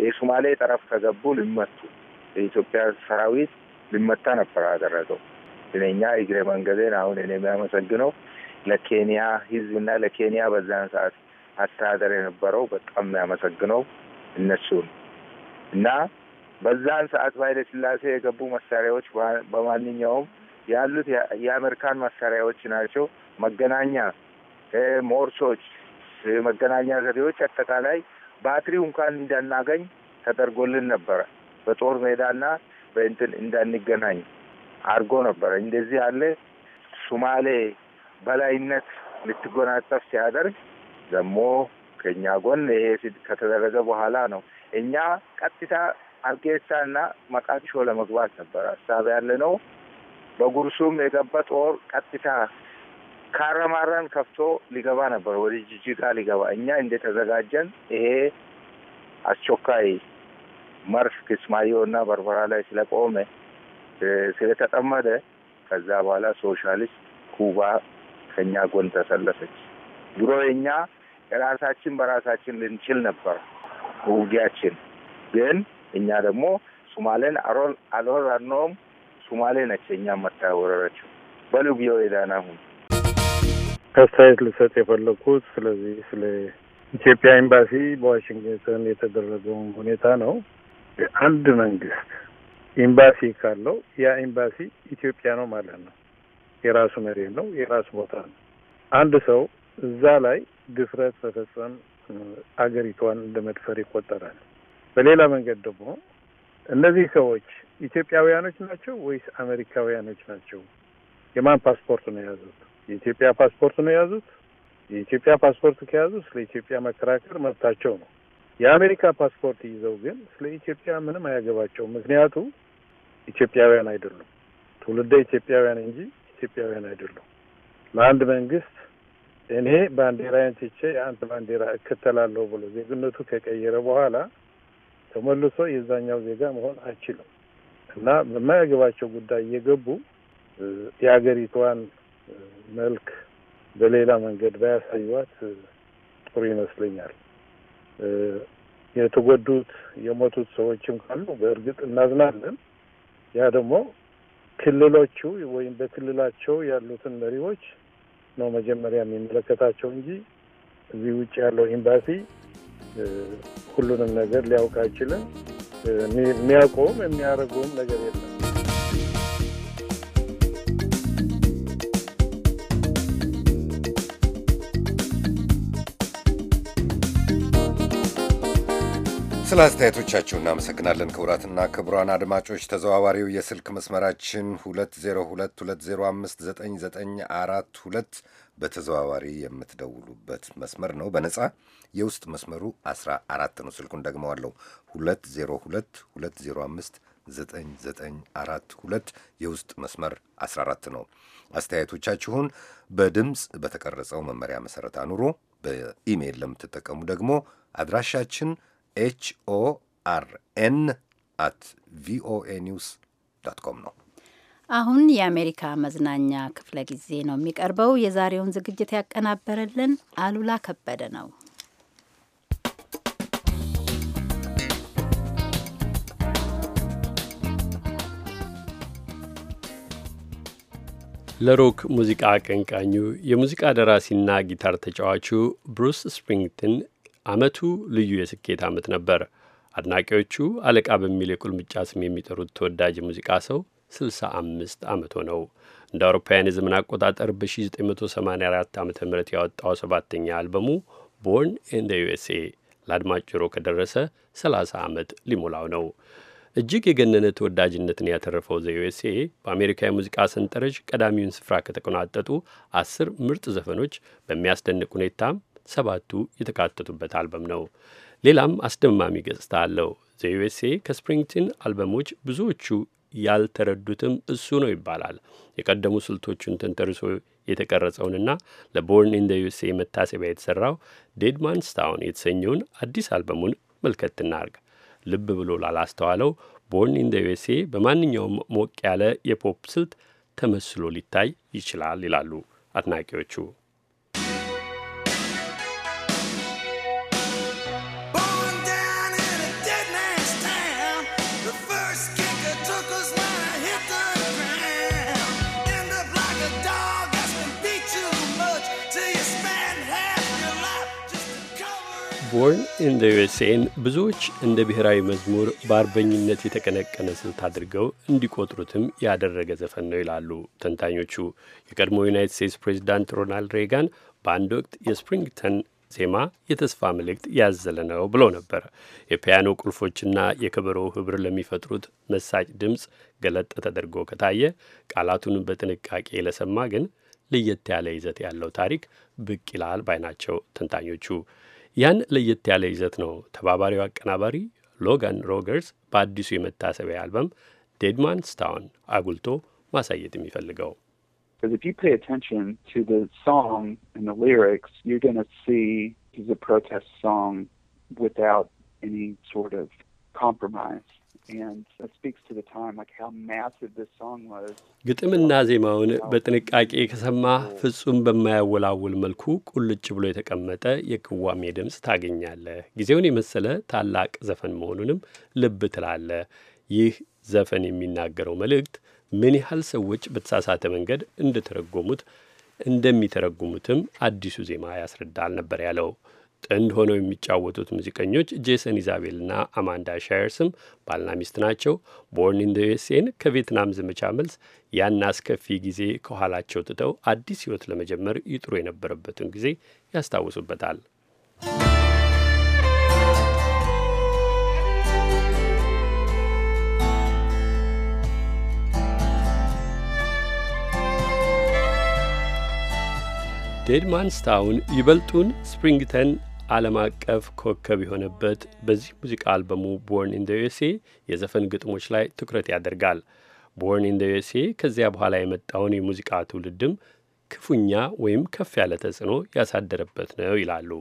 የሶማሌ ጠረፍ ከገቡ ልመቱ የኢትዮጵያ ሰራዊት ልመታ ነበር ያደረገው። እኔኛ እግሬ መንገዴን አሁን እኔ የሚያመሰግነው ለኬንያ ሕዝብና ለኬንያ በዛን ሰዓት አስተዳደር የነበረው በጣም የሚያመሰግነው እነሱን እና በዛን ሰዓት በኃይለ ስላሴ የገቡ መሳሪያዎች በማንኛውም ያሉት የአሜሪካን መሳሪያዎች ናቸው። መገናኛ ሞርሶች፣ መገናኛ ዘዴዎች፣ አጠቃላይ ባትሪው እንኳን እንዳናገኝ ተደርጎልን ነበረ። በጦር ሜዳና በእንትን እንዳንገናኝ አድርጎ ነበረ። እንደዚህ ያለ ሱማሌ በላይነት ልትጎናጸፍ ሲያደርግ ደግሞ ከእኛ ጎን ይሄ ከተደረገ በኋላ ነው እኛ ቀጥታ አርጌሳ እና መቃዲሾ ለመግባት ነበር ሀሳብ ያለ ነው። በጉርሱም የገባ ጦር ቀጥታ ካረማረን ከፍቶ ሊገባ ነበር፣ ወደ ጅጅጋ ሊገባ እኛ እንደተዘጋጀን ይሄ አስቸኳይ መርፍ ክስማዮ እና በርበራ ላይ ስለቆመ ስለተጠመደ ከዛ በኋላ ሶሻሊስት ኩባ ከኛ ጎን ተሰለፈች። ድሮ የኛ የራሳችን በራሳችን ልንችል ነበር ውጊያችን። ግን እኛ ደግሞ ሱማሌን አልወረድነውም። ሱማሌ ነች የኛ መታ ወረረችው። በልብዮ የዳና ሁን አስተያየት ልሰጥ የፈለግኩት ስለዚህ ስለ ኢትዮጵያ ኤምባሲ በዋሽንግተን የተደረገውን ሁኔታ ነው። አንድ መንግስት ኤምባሲ ካለው ያ ኤምባሲ ኢትዮጵያ ነው ማለት ነው። የራሱ መሬት ነው፣ የራሱ ቦታ ነው። አንድ ሰው እዛ ላይ ድፍረት በፈጸም አገሪቷን እንደ መድፈር ይቆጠራል። በሌላ መንገድ ደግሞ እነዚህ ሰዎች ኢትዮጵያውያኖች ናቸው ወይስ አሜሪካውያኖች ናቸው? የማን ፓስፖርት ነው የያዙት? የኢትዮጵያ ፓስፖርት ነው የያዙት። የኢትዮጵያ ፓስፖርት ከያዙ ስለ ኢትዮጵያ መከራከር መብታቸው ነው። የአሜሪካ ፓስፖርት ይዘው ግን ስለ ኢትዮጵያ ምንም አያገባቸውም። ምክንያቱ ኢትዮጵያውያን አይደሉም፣ ትውልደ ኢትዮጵያውያን እንጂ ኢትዮጵያውያን አይደሉም። ለአንድ መንግስት እኔ ባንዲራዬን ትቼ የአንተ ባንዲራ እከተላለሁ ብሎ ዜግነቱ ከቀየረ በኋላ ተመልሶ የዛኛው ዜጋ መሆን አይችልም እና በማያገባቸው ጉዳይ እየገቡ የሀገሪቷን መልክ በሌላ መንገድ ባያሳዩዋት ጥሩ ይመስለኛል። የተጎዱት የሞቱት ሰዎችም ካሉ በእርግጥ እናዝናለን። ያ ደግሞ ክልሎቹ ወይም በክልላቸው ያሉትን መሪዎች ነው መጀመሪያ የሚመለከታቸው እንጂ እዚህ ውጭ ያለው ኤምባሲ ሁሉንም ነገር ሊያውቅ አይችልም። የሚያውቀውም የሚያደርገውም ነገር የለም። ስለ አስተያየቶቻችሁ እናመሰግናለን። ክቡራትና ክቡራን አድማጮች ተዘዋዋሪው የስልክ መስመራችን 2022059942 በተዘዋዋሪ የምትደውሉበት መስመር ነው። በነጻ የውስጥ መስመሩ 14 ነው። ስልኩን ደግመዋለሁ። 2022059942 የውስጥ መስመር 14 ነው። አስተያየቶቻችሁን በድምፅ በተቀረጸው መመሪያ መሰረት አኑሮ በኢሜይል ለምትጠቀሙ ደግሞ አድራሻችን ኤች ኦ አር ኤን አት ቪኦኤ ኒውስ ዳት ኮም ነው። አሁን የአሜሪካ መዝናኛ ክፍለ ጊዜ ነው የሚቀርበው። የዛሬውን ዝግጅት ያቀናበረልን አሉላ ከበደ ነው። ለሮክ ሙዚቃ አቀንቃኙ የሙዚቃ ደራሲና ጊታር ተጫዋቹ ብሩስ ስፕሪንግትን አመቱ ልዩ የስኬት አመት ነበር። አድናቂዎቹ አለቃ በሚል የቁልምጫ ስም የሚጠሩት ተወዳጅ የሙዚቃ ሰው 65 ዓመት ሆነው። እንደ አውሮፓውያን የዘመን አቆጣጠር በ1984 ዓ ም ያወጣው ሰባተኛ አልበሙ ቦርን ኢን ደ ዩኤስኤ ለአድማጭ ጆሮ ከደረሰ 30 ዓመት ሊሞላው ነው። እጅግ የገነነ ተወዳጅነትን ያተረፈው ዘ ዩኤስኤ በአሜሪካ የሙዚቃ ሰንጠረዥ ቀዳሚውን ስፍራ ከተቆናጠጡ አስር ምርጥ ዘፈኖች በሚያስደንቅ ሁኔታም ሰባቱ የተካተቱበት አልበም ነው። ሌላም አስደማሚ ገጽታ አለው። ዘዩኤስኤ ከስፕሪንግቲን አልበሞች ብዙዎቹ ያልተረዱትም እሱ ነው ይባላል። የቀደሙ ስልቶቹን ተንተርሶ የተቀረጸውንና ለቦርን ኢን ዘ መታሰቢያ የተሠራው ዴድማንስ ታውን የተሰኘውን አዲስ አልበሙን መልከት እናርግ። ልብ ብሎ ላላስተዋለው ቦርን ኢን ዘ በማንኛውም ሞቅ ያለ የፖፕ ስልት ተመስሎ ሊታይ ይችላል ይላሉ አድናቂዎቹ። ቦርን ኢን ዘ ዩኤስኤን ብዙዎች እንደ ብሔራዊ መዝሙር በአርበኝነት የተቀነቀነ ስልት አድርገው እንዲቆጥሩትም ያደረገ ዘፈን ነው ይላሉ ተንታኞቹ። የቀድሞ ዩናይት ስቴትስ ፕሬዚዳንት ሮናልድ ሬጋን በአንድ ወቅት የስፕሪንግተን ዜማ የተስፋ መልእክት ያዘለ ነው ብሎ ነበር። የፒያኖ ቁልፎችና የከበሮ ህብር ለሚፈጥሩት መሳጭ ድምፅ ገለጥ ተደርጎ ከታየ ቃላቱን በጥንቃቄ ለሰማ ግን ለየት ያለ ይዘት ያለው ታሪክ ብቅ ይላል ባይ ናቸው ተንታኞቹ። ያን ለየት ያለ ይዘት ነው ተባባሪው አቀናባሪ ሎጋን ሮገርስ በአዲሱ የመታሰቢያ አልበም ዴድማንስ ታውን አጉልቶ ማሳየት የሚፈልገው። He's a protest song without any sort of compromise. ግጥምና ዜማውን በጥንቃቄ ከሰማ oh. ፍጹም በማያወላውል መልኩ ቁልጭ ብሎ የተቀመጠ የክዋሜ ድምፅ ታገኛለህ። ጊዜውን የመሰለ ታላቅ ዘፈን መሆኑንም ልብ ትላለህ። ይህ ዘፈን የሚናገረው መልእክት ምን ያህል ሰዎች በተሳሳተ መንገድ እንደተረጎሙት እንደሚተረጉሙትም አዲሱ ዜማ ያስረዳል ነበር ያለው። ጥንድ ሆነው የሚጫወቱት ሙዚቀኞች ጄሰን ኢዛቤልና አማንዳ ሻየርስም ባልና ሚስት ናቸው። ቦርን ኢን ዘ ዩኤስኤን ከቪየትናም ዘመቻ መልስ ያን አስከፊ ጊዜ ከኋላቸው ትተው አዲስ ሕይወት ለመጀመር ይጥሩ የነበረበትን ጊዜ ያስታውሱበታል። ዴድማንስታውን ይበልጡን ስፕሪንግተን ዓለም አቀፍ ኮከብ የሆነበት በዚህ ሙዚቃ አልበሙ ቦርን ኢን ደ የዘፈን ግጥሞች ላይ ትኩረት ያደርጋል። ቦርን ኢን ደ ከዚያ በኋላ የመጣውን የሙዚቃ ትውልድም ክፉኛ ወይም ከፍ ያለ ተጽዕኖ ያሳደረበት ነው ይላሉ።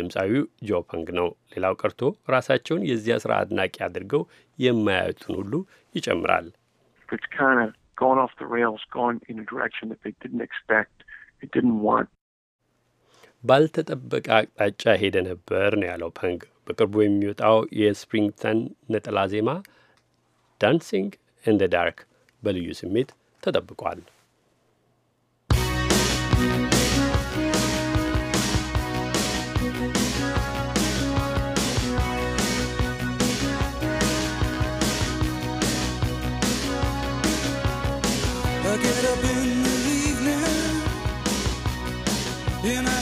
ድምፃዊው ፐንግ ነው። ሌላው ቀርቶ ራሳቸውን የዚያ ስራ አድናቂ አድርገው የማያዩትን ሁሉ ይጨምራል። ባልተጠበቀ አቅጣጫ ሄደ ነበር ነው ያለው ፐንግ። በቅርቡ የሚወጣው የስፕሪንግተን ነጠላ ዜማ ዳንሲንግ ኢን ደ ዳርክ በልዩ ስሜት ተጠብቋል። Get up in the evening,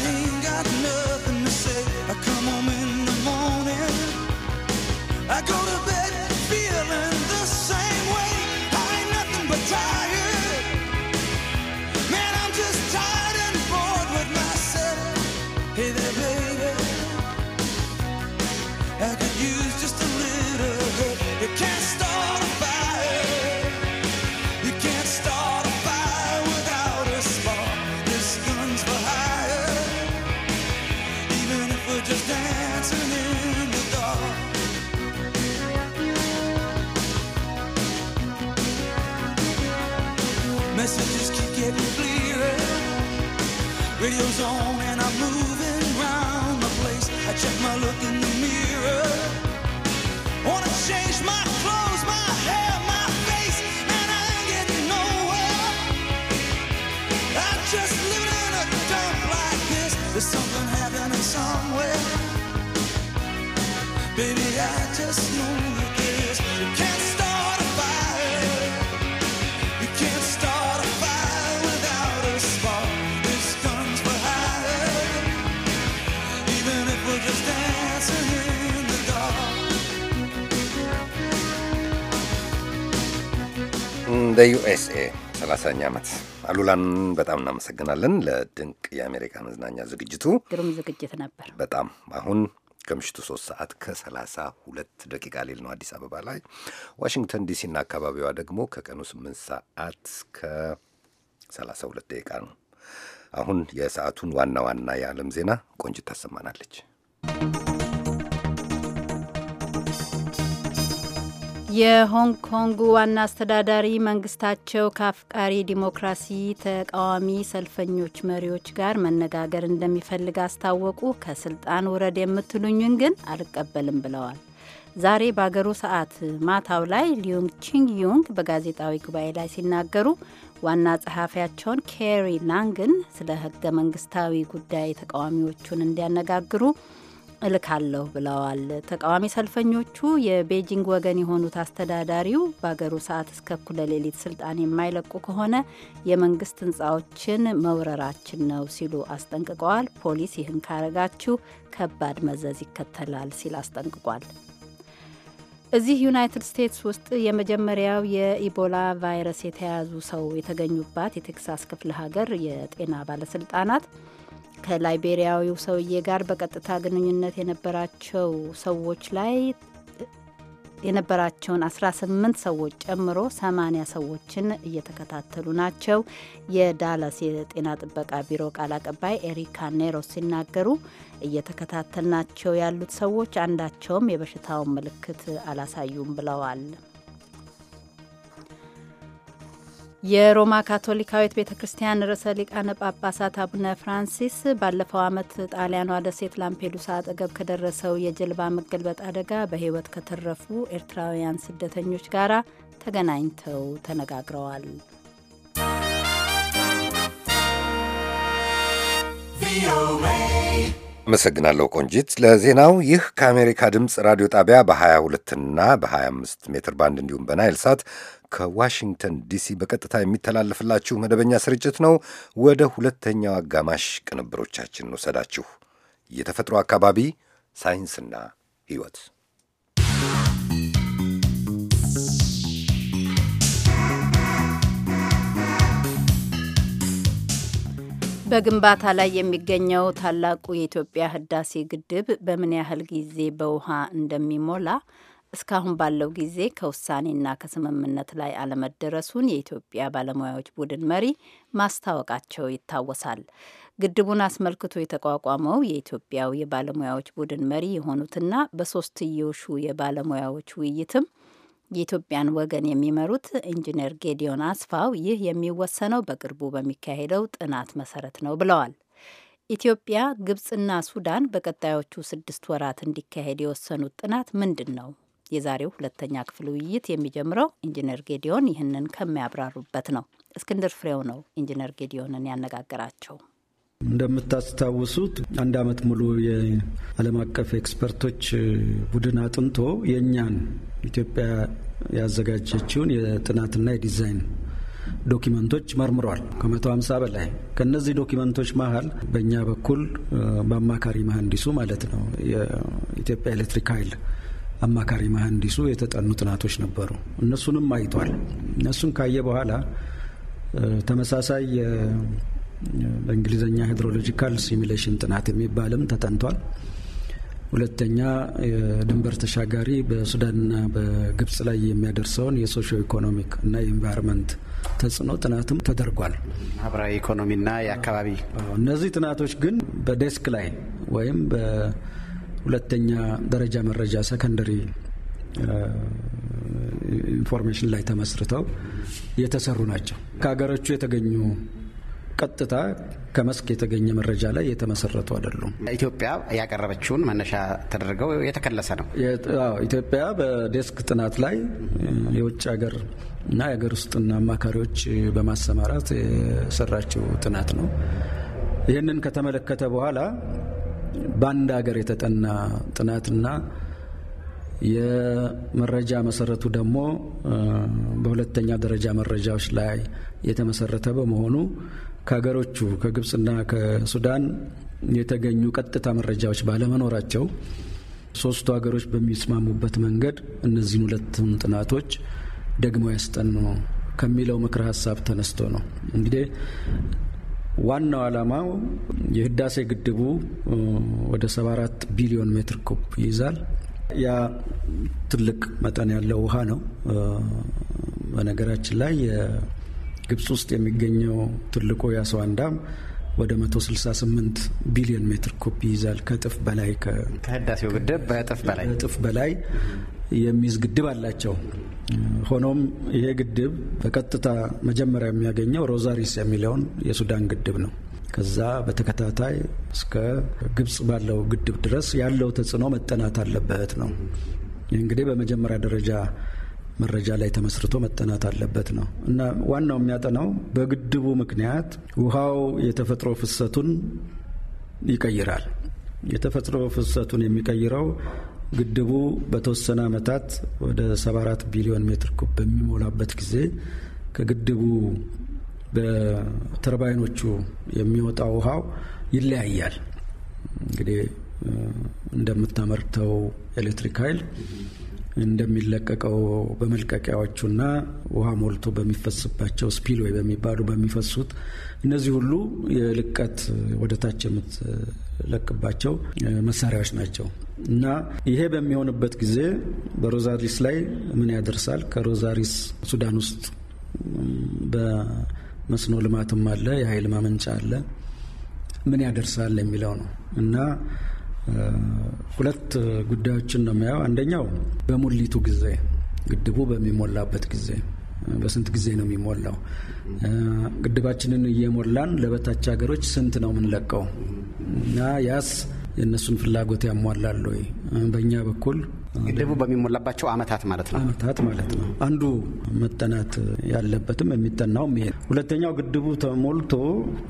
በዩኤስኤ 30ኛ ዓመት አሉላን በጣም እናመሰግናለን ለድንቅ የአሜሪካ መዝናኛ ዝግጅቱ። ግሩም ዝግጅት ነበር በጣም አሁን ከምሽቱ ሶስት ሰዓት ከሰላሳ ሁለት ደቂቃ ሌል ነው አዲስ አበባ ላይ። ዋሽንግተን ዲሲና አካባቢዋ ደግሞ ከቀኑ ስምንት ሰዓት ከ32 ደቂቃ ነው። አሁን የሰዓቱን ዋና ዋና የዓለም ዜና ቆንጅት ታሰማናለች። የሆንግ ኮንጉ ዋና አስተዳዳሪ መንግስታቸው ከአፍቃሪ ዲሞክራሲ ተቃዋሚ ሰልፈኞች መሪዎች ጋር መነጋገር እንደሚፈልግ አስታወቁ። ከስልጣን ውረድ የምትሉኝን ግን አልቀበልም ብለዋል። ዛሬ በአገሩ ሰዓት ማታው ላይ ሊዩንግ ቺንግ ዩንግ በጋዜጣዊ ጉባኤ ላይ ሲናገሩ ዋና ጸሐፊያቸውን ኬሪ ላንግን ስለ ህገ መንግስታዊ ጉዳይ ተቃዋሚዎቹን እንዲያነጋግሩ እልካለሁ ብለዋል። ተቃዋሚ ሰልፈኞቹ የቤጂንግ ወገን የሆኑት አስተዳዳሪው በአገሩ ሰዓት እስከ እኩለ ሌሊት ስልጣን የማይለቁ ከሆነ የመንግስት ህንፃዎችን መውረራችን ነው ሲሉ አስጠንቅቀዋል። ፖሊስ ይህን ካረጋችሁ ከባድ መዘዝ ይከተላል ሲል አስጠንቅቋል። እዚህ ዩናይትድ ስቴትስ ውስጥ የመጀመሪያው የኢቦላ ቫይረስ የተያዙ ሰው የተገኙባት የቴክሳስ ክፍለ ሀገር የጤና ባለስልጣናት ከላይቤሪያዊው ሰውዬ ጋር በቀጥታ ግንኙነት የነበራቸው ሰዎች ላይ የነበራቸውን 18 ሰዎች ጨምሮ 80 ሰዎችን እየተከታተሉ ናቸው። የዳላስ የጤና ጥበቃ ቢሮ ቃል አቀባይ ኤሪካ ኔሮ ሲናገሩ እየተከታተልናቸው ያሉት ሰዎች አንዳቸውም የበሽታውን ምልክት አላሳዩም ብለዋል። የሮማ ካቶሊካዊት ቤተ ክርስቲያን ርዕሰ ሊቃነ ጳጳሳት አቡነ ፍራንሲስ ባለፈው ዓመት ጣሊያኗ ደሴት ላምፔዱሳ አጠገብ ከደረሰው የጀልባ መገልበጥ አደጋ በሕይወት ከተረፉ ኤርትራውያን ስደተኞች ጋር ተገናኝተው ተነጋግረዋል። አመሰግናለሁ ቆንጂት ለዜናው። ይህ ከአሜሪካ ድምፅ ራዲዮ ጣቢያ በ22 እና በ25 ሜትር ባንድ እንዲሁም በናይል ሳት ከዋሽንግተን ዲሲ በቀጥታ የሚተላለፍላችሁ መደበኛ ስርጭት ነው። ወደ ሁለተኛው አጋማሽ ቅንብሮቻችን እንውሰዳችሁ። የተፈጥሮ አካባቢ፣ ሳይንስና ሕይወት በግንባታ ላይ የሚገኘው ታላቁ የኢትዮጵያ ህዳሴ ግድብ በምን ያህል ጊዜ በውሃ እንደሚሞላ እስካሁን ባለው ጊዜ ከውሳኔና ከስምምነት ላይ አለመደረሱን የኢትዮጵያ ባለሙያዎች ቡድን መሪ ማስታወቃቸው ይታወሳል። ግድቡን አስመልክቶ የተቋቋመው የኢትዮጵያው የባለሙያዎች ቡድን መሪ የሆኑትና በሶስትዮሹ የባለሙያዎች ውይይትም የኢትዮጵያን ወገን የሚመሩት ኢንጂነር ጌዲዮን አስፋው ይህ የሚወሰነው በቅርቡ በሚካሄደው ጥናት መሰረት ነው ብለዋል። ኢትዮጵያ፣ ግብጽና ሱዳን በቀጣዮቹ ስድስት ወራት እንዲካሄድ የወሰኑት ጥናት ምንድን ነው? የዛሬው ሁለተኛ ክፍል ውይይት የሚጀምረው ኢንጂነር ጌዲዮን ይህንን ከሚያብራሩበት ነው። እስክንድር ፍሬው ነው ኢንጂነር ጌዲዮንን ያነጋግራቸው። እንደምታስታውሱት አንድ ዓመት ሙሉ የዓለም አቀፍ ኤክስፐርቶች ቡድን አጥንቶ የእኛን ኢትዮጵያ ያዘጋጀችውን የጥናትና የዲዛይን ዶኪመንቶች መርምሯል። ከ150 በላይ ከእነዚህ ዶኪመንቶች መሀል በእኛ በኩል በአማካሪ መሀንዲሱ ማለት ነው የኢትዮጵያ ኤሌክትሪክ ኃይል አማካሪ መሀንዲሱ የተጠኑ ጥናቶች ነበሩ። እነሱንም አይቷል። እነሱን ካየ በኋላ ተመሳሳይ በእንግሊዝኛ ሃይድሮሎጂካል ሲሚሌሽን ጥናት የሚባልም ተጠንቷል። ሁለተኛ የድንበር ተሻጋሪ በሱዳንና በግብጽ ላይ የሚያደርሰውን የሶሾ ኢኮኖሚክ እና የኢንቫይሮንመንት ተጽዕኖ ጥናትም ተደርጓል። ማህበራዊ ኢኮኖሚና የአካባቢ እነዚህ ጥናቶች ግን በዴስክ ላይ ወይም ሁለተኛ ደረጃ መረጃ ሰከንደሪ ኢንፎርሜሽን ላይ ተመስርተው የተሰሩ ናቸው። ከሀገሮቹ የተገኙ ቀጥታ ከመስክ የተገኘ መረጃ ላይ የተመሰረቱ አይደሉም። ኢትዮጵያ ያቀረበችውን መነሻ ተደርገው የተከለሰ ነው። ኢትዮጵያ በዴስክ ጥናት ላይ የውጭ ሀገር እና የሀገር ውስጥና አማካሪዎች በማሰማራት የሰራችው ጥናት ነው። ይህንን ከተመለከተ በኋላ በአንድ ሀገር የተጠና ጥናትና የመረጃ መሰረቱ ደግሞ በሁለተኛ ደረጃ መረጃዎች ላይ የተመሰረተ በመሆኑ ከሀገሮቹ ከግብፅና ከሱዳን የተገኙ ቀጥታ መረጃዎች ባለመኖራቸው ሶስቱ ሀገሮች በሚስማሙበት መንገድ እነዚህን ሁለቱን ጥናቶች ደግሞ ያስጠኑ ከሚለው ምክረ ሀሳብ ተነስቶ ነው እንግዲህ ዋናው ዓላማው የህዳሴ ግድቡ ወደ 74 ቢሊዮን ሜትር ኩብ ይይዛል። ያ ትልቅ መጠን ያለው ውሃ ነው። በነገራችን ላይ ግብጽ ውስጥ የሚገኘው ትልቁ የአስዋን ዳም ወደ 168 ቢሊዮን ሜትር ኮፒ ይዛል። ከእጥፍ በላይ ከህዳሴው ግድብ በእጥፍ በላይ እጥፍ በላይ የሚይዝ ግድብ አላቸው። ሆኖም ይሄ ግድብ በቀጥታ መጀመሪያ የሚያገኘው ሮዛሪስ የሚለውን የሱዳን ግድብ ነው። ከዛ በተከታታይ እስከ ግብጽ ባለው ግድብ ድረስ ያለው ተጽዕኖ መጠናት አለበት ነው። እንግዲህ በመጀመሪያ ደረጃ መረጃ ላይ ተመስርቶ መጠናት አለበት ነው እና ዋናው የሚያጠናው በግድቡ ምክንያት ውሃው የተፈጥሮ ፍሰቱን ይቀይራል። የተፈጥሮ ፍሰቱን የሚቀይረው ግድቡ በተወሰነ ዓመታት ወደ 74 ቢሊዮን ሜትር ኩብ በሚሞላበት ጊዜ ከግድቡ በተርባይኖቹ የሚወጣ ውሃው ይለያያል። እንግዲህ እንደምታመርተው ኤሌክትሪክ ኃይል እንደሚለቀቀው በመልቀቂያዎቹና ውሃ ሞልቶ በሚፈስባቸው ስፒልዌይ በሚባሉ በሚፈሱት እነዚህ ሁሉ የልቀት ወደታች የምትለቅባቸው መሳሪያዎች ናቸው እና ይሄ በሚሆንበት ጊዜ በሮዛሪስ ላይ ምን ያደርሳል? ከሮዛሪስ ሱዳን ውስጥ በመስኖ ልማትም አለ፣ የኃይል ማመንጫ አለ። ምን ያደርሳል የሚለው ነው እና ሁለት ጉዳዮችን ነው የሚያየው። አንደኛው በሙሊቱ ጊዜ ግድቡ በሚሞላበት ጊዜ በስንት ጊዜ ነው የሚሞላው? ግድባችንን እየሞላን ለበታች ሀገሮች ስንት ነው የምንለቀው? እና ያስ የእነሱን ፍላጎት ያሟላል ወይ? በእኛ በኩል ግድቡ በሚሞላባቸው አመታት ማለት ነው አመታት ማለት ነው። አንዱ መጠናት ያለበትም የሚጠናው ይሄ ሁለተኛው ግድቡ ተሞልቶ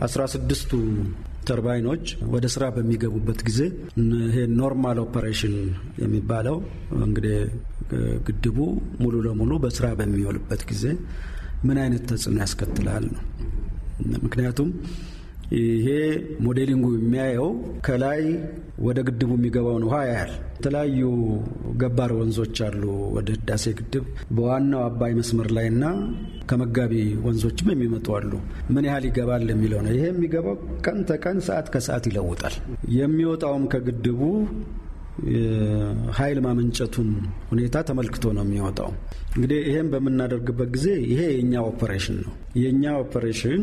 አስራ ስድስቱ ተርባይኖች ወደ ስራ በሚገቡበት ጊዜ ይሄ ኖርማል ኦፐሬሽን የሚባለው እንግዲህ ግድቡ ሙሉ ለሙሉ በስራ በሚውልበት ጊዜ ምን አይነት ተጽዕኖ ያስከትላል ነው ምክንያቱም ይሄ ሞዴሊንጉ የሚያየው ከላይ ወደ ግድቡ የሚገባውን ውሃ ያያል። የተለያዩ ገባር ወንዞች አሉ ወደ ህዳሴ ግድብ በዋናው አባይ መስመር ላይ ና ከመጋቢ ወንዞችም የሚመጡ አሉ። ምን ያህል ይገባል የሚለው ነው። ይሄ የሚገባው ቀን ተቀን ሰዓት ከሰዓት ይለውጣል። የሚወጣውም ከግድቡ ኃይል ማመንጨቱን ሁኔታ ተመልክቶ ነው የሚወጣው። እንግዲህ ይሄን በምናደርግበት ጊዜ ይሄ የእኛ ኦፐሬሽን ነው። የእኛ ኦፐሬሽን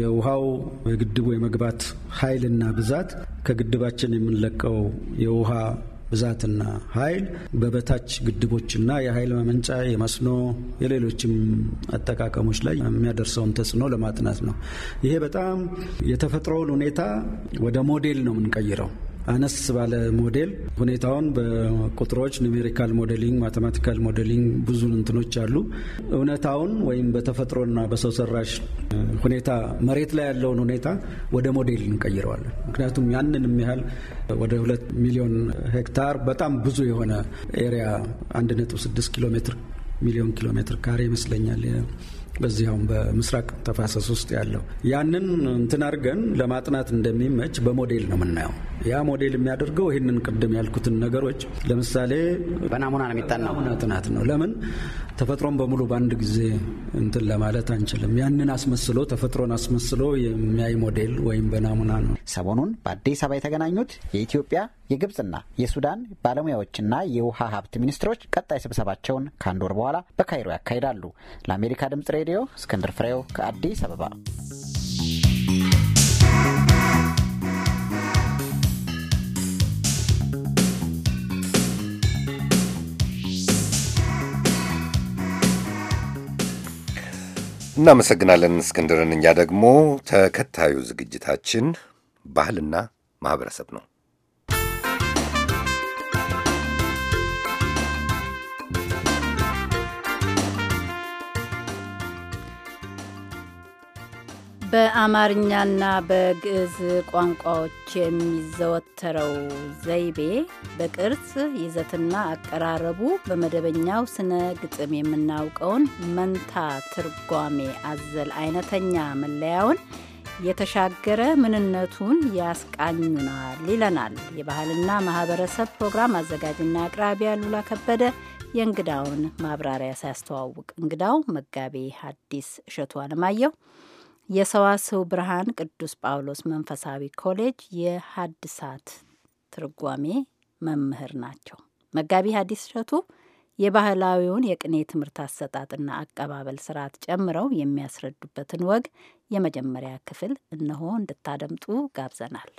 የውሃው ግድቡ የመግባት ኃይልና ብዛት ከግድባችን የምንለቀው የውሃ ብዛትና ኃይል በበታች ግድቦችና የኃይል ማመንጫ የመስኖ የሌሎችም አጠቃቀሞች ላይ የሚያደርሰውን ተጽዕኖ ለማጥናት ነው። ይሄ በጣም የተፈጥሮውን ሁኔታ ወደ ሞዴል ነው የምንቀይረው። አነስ ባለ ሞዴል ሁኔታውን በቁጥሮች ኒሜሪካል ሞዴሊንግ፣ ማቴማቲካል ሞዴሊንግ ብዙ እንትኖች አሉ። እውነታውን ወይም በተፈጥሮና በሰው ሰራሽ ሁኔታ መሬት ላይ ያለውን ሁኔታ ወደ ሞዴል እንቀይረዋለን። ምክንያቱም ያንንም ያህል ወደ ሁለት ሚሊዮን ሄክታር በጣም ብዙ የሆነ ኤሪያ 1.6 ኪሎ ሜትር ሚሊዮን ኪሎ ሜትር ካሬ ይመስለኛል በዚያውም በምስራቅ ተፋሰስ ውስጥ ያለው ያንን እንትን አድርገን ለማጥናት እንደሚመች በሞዴል ነው የምናየው። ያ ሞዴል የሚያደርገው ይህንን ቅድም ያልኩትን ነገሮች ለምሳሌ በናሙና ነው የሚጠናው ጥናት ነው። ለምን ተፈጥሮን በሙሉ በአንድ ጊዜ እንትን ለማለት አንችልም። ያንን አስመስሎ ተፈጥሮን አስመስሎ የሚያይ ሞዴል ወይም በናሙና ነው። ሰሞኑን በአዲስ አበባ የተገናኙት የኢትዮጵያ የግብፅና የሱዳን ባለሙያዎችና የውሃ ሀብት ሚኒስትሮች ቀጣይ ስብሰባቸውን ከአንድ ወር በኋላ በካይሮ ያካሂዳሉ። ለአሜሪካ ድምጽ ሬዲዮ ሬዲዮ እስክንድር ፍሬው ከአዲስ አበባ። እናመሰግናለን እስክንድርን። እኛ ደግሞ ተከታዩ ዝግጅታችን ባህልና ማህበረሰብ ነው። በአማርኛና በግዕዝ ቋንቋዎች የሚዘወተረው ዘይቤ በቅርጽ ይዘትና አቀራረቡ በመደበኛው ስነ ግጥም የምናውቀውን መንታ ትርጓሜ አዘል አይነተኛ መለያውን የተሻገረ ምንነቱን ያስቃኙናል ይለናል የባህልና ማህበረሰብ ፕሮግራም አዘጋጅና አቅራቢ አሉላ ከበደ የእንግዳውን ማብራሪያ ሳያስተዋውቅ እንግዳው መጋቤ ሐዲስ እሸቱ አለማየሁ የሰዋስው ብርሃን ቅዱስ ጳውሎስ መንፈሳዊ ኮሌጅ የሀድሳት ትርጓሜ መምህር ናቸው። መጋቢ ሐዲስ እሸቱ የባህላዊውን የቅኔ ትምህርት አሰጣጥና አቀባበል ስርዓት ጨምረው የሚያስረዱበትን ወግ የመጀመሪያ ክፍል እነሆ እንድታደምጡ ጋብዘናል።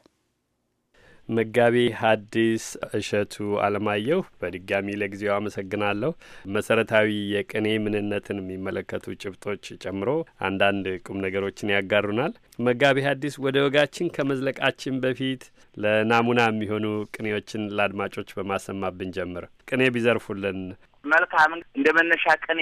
መጋቢ ሐዲስ እሸቱ አለማየሁ በድጋሚ ለጊዜው አመሰግናለሁ። መሰረታዊ የቅኔ ምንነትን የሚመለከቱ ጭብጦች ጨምሮ አንዳንድ ቁም ነገሮችን ያጋሩናል። መጋቢ ሐዲስ ወደ ወጋችን ከመዝለቃችን በፊት ለናሙና የሚሆኑ ቅኔዎችን ለአድማጮች በማሰማት ብንጀምር ቅኔ ቢዘርፉልን መልካም እንደ መነሻ ቅኔ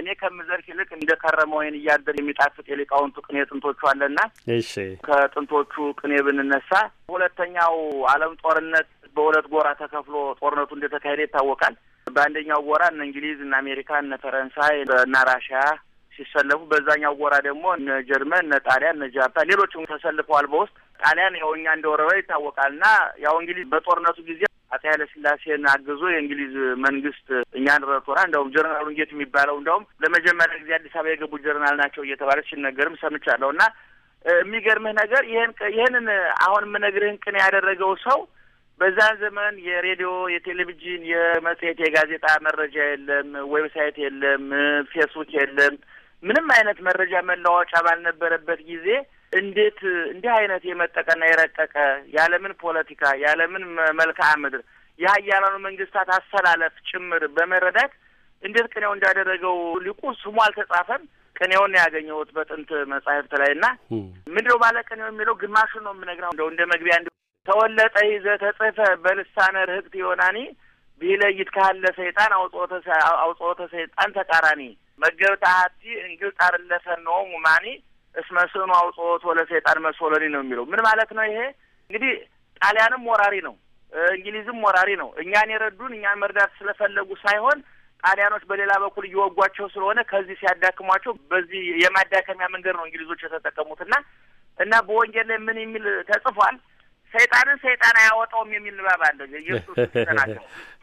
እኔ ከምዘርፍ ይልቅ እንደ ከረመ ወይን እያደር የሚጣፍጥ የሊቃውንቱ ቅኔ ጥንቶቹ አለና እሺ፣ ከጥንቶቹ ቅኔ ብንነሳ ሁለተኛው ዓለም ጦርነት በሁለት ጎራ ተከፍሎ ጦርነቱ እንደተካሄደ ይታወቃል። በአንደኛው ጎራ እነ እንግሊዝ፣ እነ አሜሪካ፣ እነ ፈረንሳይ እና ራሽያ ሲሰለፉ፣ በዛኛው ጎራ ደግሞ እነ ጀርመን፣ እነ ጣሊያን፣ እነ ጃፓን ሌሎችም ተሰልፈዋል። በውስጥ ጣሊያን ያው እኛ እንደወረረ ይታወቃል እና ያው እንግሊዝ በጦርነቱ ጊዜ አጼ ኃይለ ስላሴን አግዞ የእንግሊዝ መንግስት እኛን ረድቶና እንደውም ጀነራሉ እንጌት የሚባለው እንደውም ለመጀመሪያ ጊዜ አዲስ አበባ የገቡ ጀነራል ናቸው እየተባለ ሲነገርም ሰምቻለሁ። እና የሚገርምህ ነገር ይህን ይህንን አሁን የምነግርህን ቅን ያደረገው ሰው በዛን ዘመን የሬዲዮ፣ የቴሌቪዥን፣ የመጽሔት፣ የጋዜጣ መረጃ የለም፣ ዌብሳይት የለም፣ ፌስቡክ የለም፣ ምንም አይነት መረጃ መለዋወጫ ባልነበረበት ጊዜ እንዴት እንዲህ አይነት የመጠቀና የረቀቀ ያለምን ፖለቲካ ያለምን መልክዓ ምድር የሀያላኑ መንግስታት አሰላለፍ ጭምር በመረዳት እንዴት ቅኔው እንዳደረገው ሊቁ ስሙ አልተጻፈም። ቅኔውን ያገኘሁት በጥንት መጻሕፍት ላይ እና ምንድው ባለ ቅኔው የሚለው ግማሹን ነው የምነግረው። እንደው እንደ መግቢያ እንዲ ተወለጠ ይዘ ተጽፈ በልሳነ ርህቅት ይሆናኒ ቢለይት ካለ ሰይጣን አውጽኦተ ሰይጣን ተቃራኒ መገብት አሐቲ እንግል ጣርለፈ ነው ሙማኒ እስመ ስዕኑ አውጽሖት ወለሰይጣን መስሎኒ ነው የሚለው። ምን ማለት ነው ይሄ? እንግዲህ ጣሊያንም ወራሪ ነው፣ እንግሊዝም ወራሪ ነው። እኛን የረዱን እኛን መርዳት ስለፈለጉ ሳይሆን ጣሊያኖች በሌላ በኩል እየወጓቸው ስለሆነ ከዚህ ሲያዳክሟቸው በዚህ የማዳከሚያ መንገድ ነው እንግሊዞች የተጠቀሙት እና እና በወንጌል ላይ ምን የሚል ተጽፏል? ሰይጣንን ሰይጣን አያወጣውም የሚል ንባብ አለ። ኢየሱስ